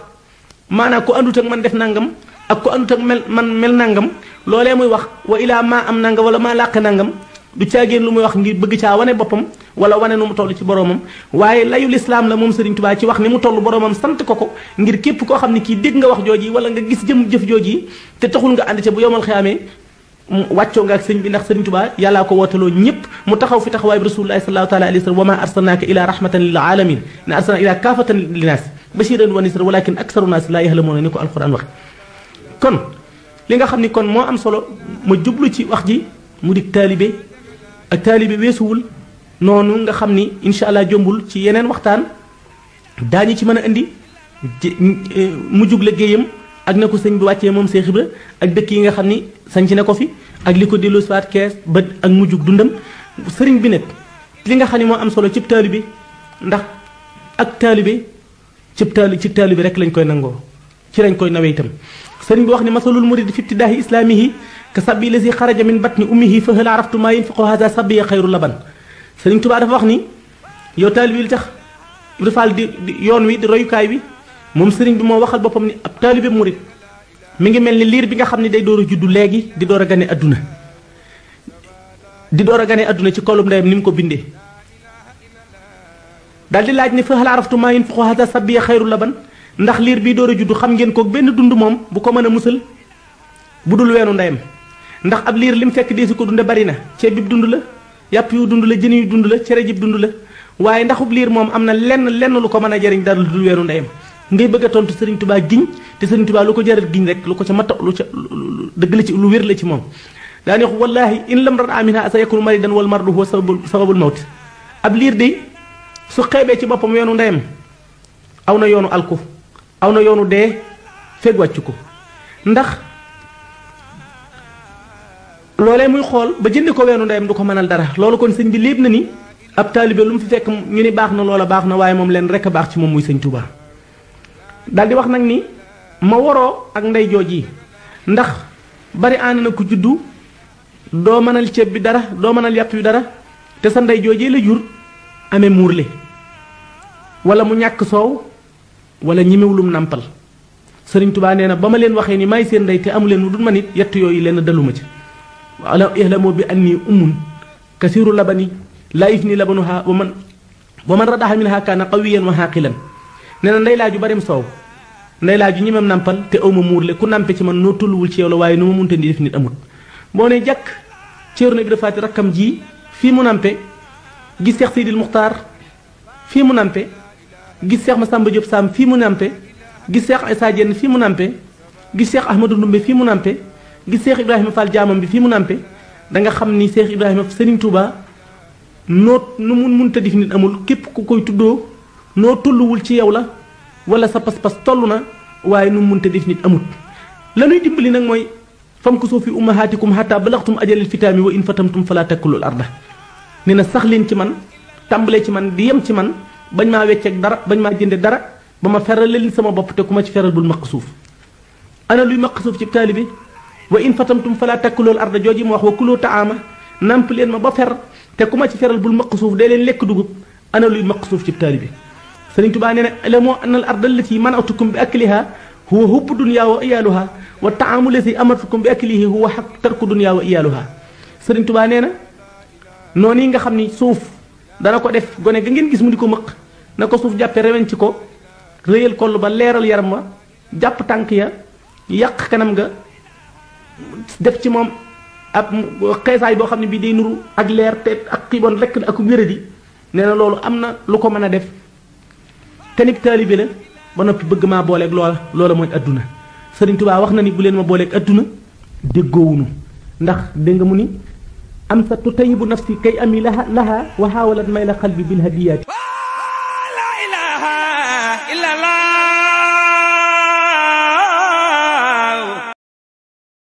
maanaam ko andut ak man def nangam ak ku andut ak mel man mel nangam loolee muy wax wa ilaa maa am nangam wala maa làq nangam du caageen lu muy wax ngir bëgg caa wane boppam wala wane nu mu toll ci boromam waaye layu lislaam la moom Serigne Touba ci wax ni mu toll boromam sant ko ko ngir képp koo xam ne kii dégg nga wax jooji wala nga gis jëm jëf jooji te taxul nga ànd ca bu yomal xiyaamee wàccoo nga ak sëñ bi ndax Serigne Touba yàllaa ko wootaloo ñëpp mu taxaw fi taxawaay bi rasulullahi sallallahu taala alayhi wasallam sallam wa ma arsalnaaka ila rahmatan lil alamin na arsalna ila kaafatan linnaas bashiran wa nisra walakin aksaru naas la yahlamuna ni ko alquran wax kon li nga xam ni kon moo am solo ma jublu ci wax ji mu dig talibe ak taalibe weesuwul noonu nga xam ni incha allah jombul ci yeneen waxtaan daañu ci mën a indi e, mujjug liggéeyam ak na ko sëñ bi wàccee moom Seex Ibra ak dëkk yi nga xam ni sanc na ko fi ak li ko dellu siwaat kees ba ak mujjug dundam sëriñ bi nag li nga xam ne moo am solo cib taalibe ndax ak taalibe cib taali cib taalibe rek lañ koy nangoo ci lañ koy nawee itam sëriñ bi wax ni masalul murid fi ibtidaahi islaamihi كصبي الذي خرج من بطن امه فهل عرفت ما ينفق هذا صبي خير لبن سيرن توبا دافا وخني يو طالب ويل تخ رفال دي, دي يون وي دي رويكاي وي موم سيرن بي مو واخال بوبام ني اب طالب مريد ميغي ملني لير بيغا خامني داي دورو جودو لغي دي دورا غاني ادونا دي دورا غاني ادونا سي كولوم نيم نيمكو بيندي دال دي لاج ني فهل عرفت ما ينفق هذا صبي خير لبن ndax lire bi doora judd xam ngeen ko benn dund moom bu ko mën a musal budul weenu ndayam ndax ab liir lim fekk dee si ko dunde bari na ceeb bi dund la yàpp yu dund la jën yu dund la cere ji dund la waaye ndaxub liir moom am na lenn lenn lu ko mën a jariñ dara lu dul weeru ndeyam ngay bëgg tontu Serigne tubaa giñ te Serigne tubaa lu ko jaral giñ rek lu ko ca mata lu ca dëgg la ci lu wér la ci moom daa neex wallahi in lam ran amina sa yakunu maridan wal mardu huwa sababul sababul mawt ab liir di su xeebee ci boppam weenu ndeyam na yoonu alku na yoonu dee feeg wàcc ko loolee muy xool ba jënd ko weenu ndeyam du ko mënal dara loolu kon sëñ bi léeb na ni ab taalibe lu mu fi fekk ñu ni baax na loola baax na waaye moom leen rekk baax ci moom muy sëñ Touba daal wax nag ni ma waroo ak ndey jooj yi ndax bari aana na ku juddu doo mënal ceeb bi dara doo mënal yàpp yu dara te sa ndey joojee la jur amee muurle wala mu ñàkk soow wala ñimewulum nàmpal sëriñ Touba nee na ba ma leen waxee ni may seen ndey te amu leen lu dul ma nit yett yooyu leen daluma ci اعلموا بأني أم كثير اللبن لا يفني لبنها ومن ومن ردها منها كان قويا وهاقلا نانا ndey laaju barim sow ndey laaju ñimam nampal te awma muurle ku nampe ci man noo tulluwul ci yow la waaye nu ma munte di def nit amut boo ne jàkk ceerno bi dafaati rakkam ji fii mu nampe gis seex seydil muxtaar fii mu nampe gis seex masamba diop sam fii mu nampe gis seex isa jenn fii mu nampe gis seex ahmadou ndumbe fii mu nampe gis Cheikh Ibrahima Fall jaamam bi fi mu nampe da nga xamni Cheikh Ibrahima Serigne Touba no nu mun munta def nit amul kep ku koy tuddoo noo tolluwul ci yow la wala sa pass pass toll na waaye nu munta def nit amut lanuy dimbali nak moy fam famkusoo fi ummahatikum hatta balaxtum ajalil fitaami wa in fatamtum fala takkulul arda nina sax leen ci man tambale ci man di yem ci man bañ ma wecceeg dara bañ ma jindé dara bama feral leen sama bop te kuma ci feral bul maq ana luy maq ci talibi وإن فتمتم فلا تأكلوا الأرض جوجي arda joji mu wax wa ما taama namp تي ma ba fer te ku ma ci feral bul maq suuf day leen سيرن توبا ana luy ان الارض التي منعتكم باكلها هو حب na alamoo والطعام الذي امرتكم باكله هو حق ترك huwa hubbu سيرن توبا iyaluha نوني nga xamni souf dana ko def gone ga ngeen gis mu diko mak nako souf jàppe rewen ci ko reeyal kollu ba leral yaram ma jàpp tànk ya yak kanam ga def ci moom ab xeesaay boo xam ne bii day nuru ak leer te ak xiibon rekk ak wéradi nee na loolu am na lu ko mën a def te nit taalibe la ba noppi bëgg maa booleek loola loola mooy adduna Sëriñ Tuubaa wax na ni bu leen ma booleeg adduna déggoowunu ndax dégg nga mu ni am sa tutayibu nafsi kay ami laha laha waxaawalat may la xalbi bil hadiyaati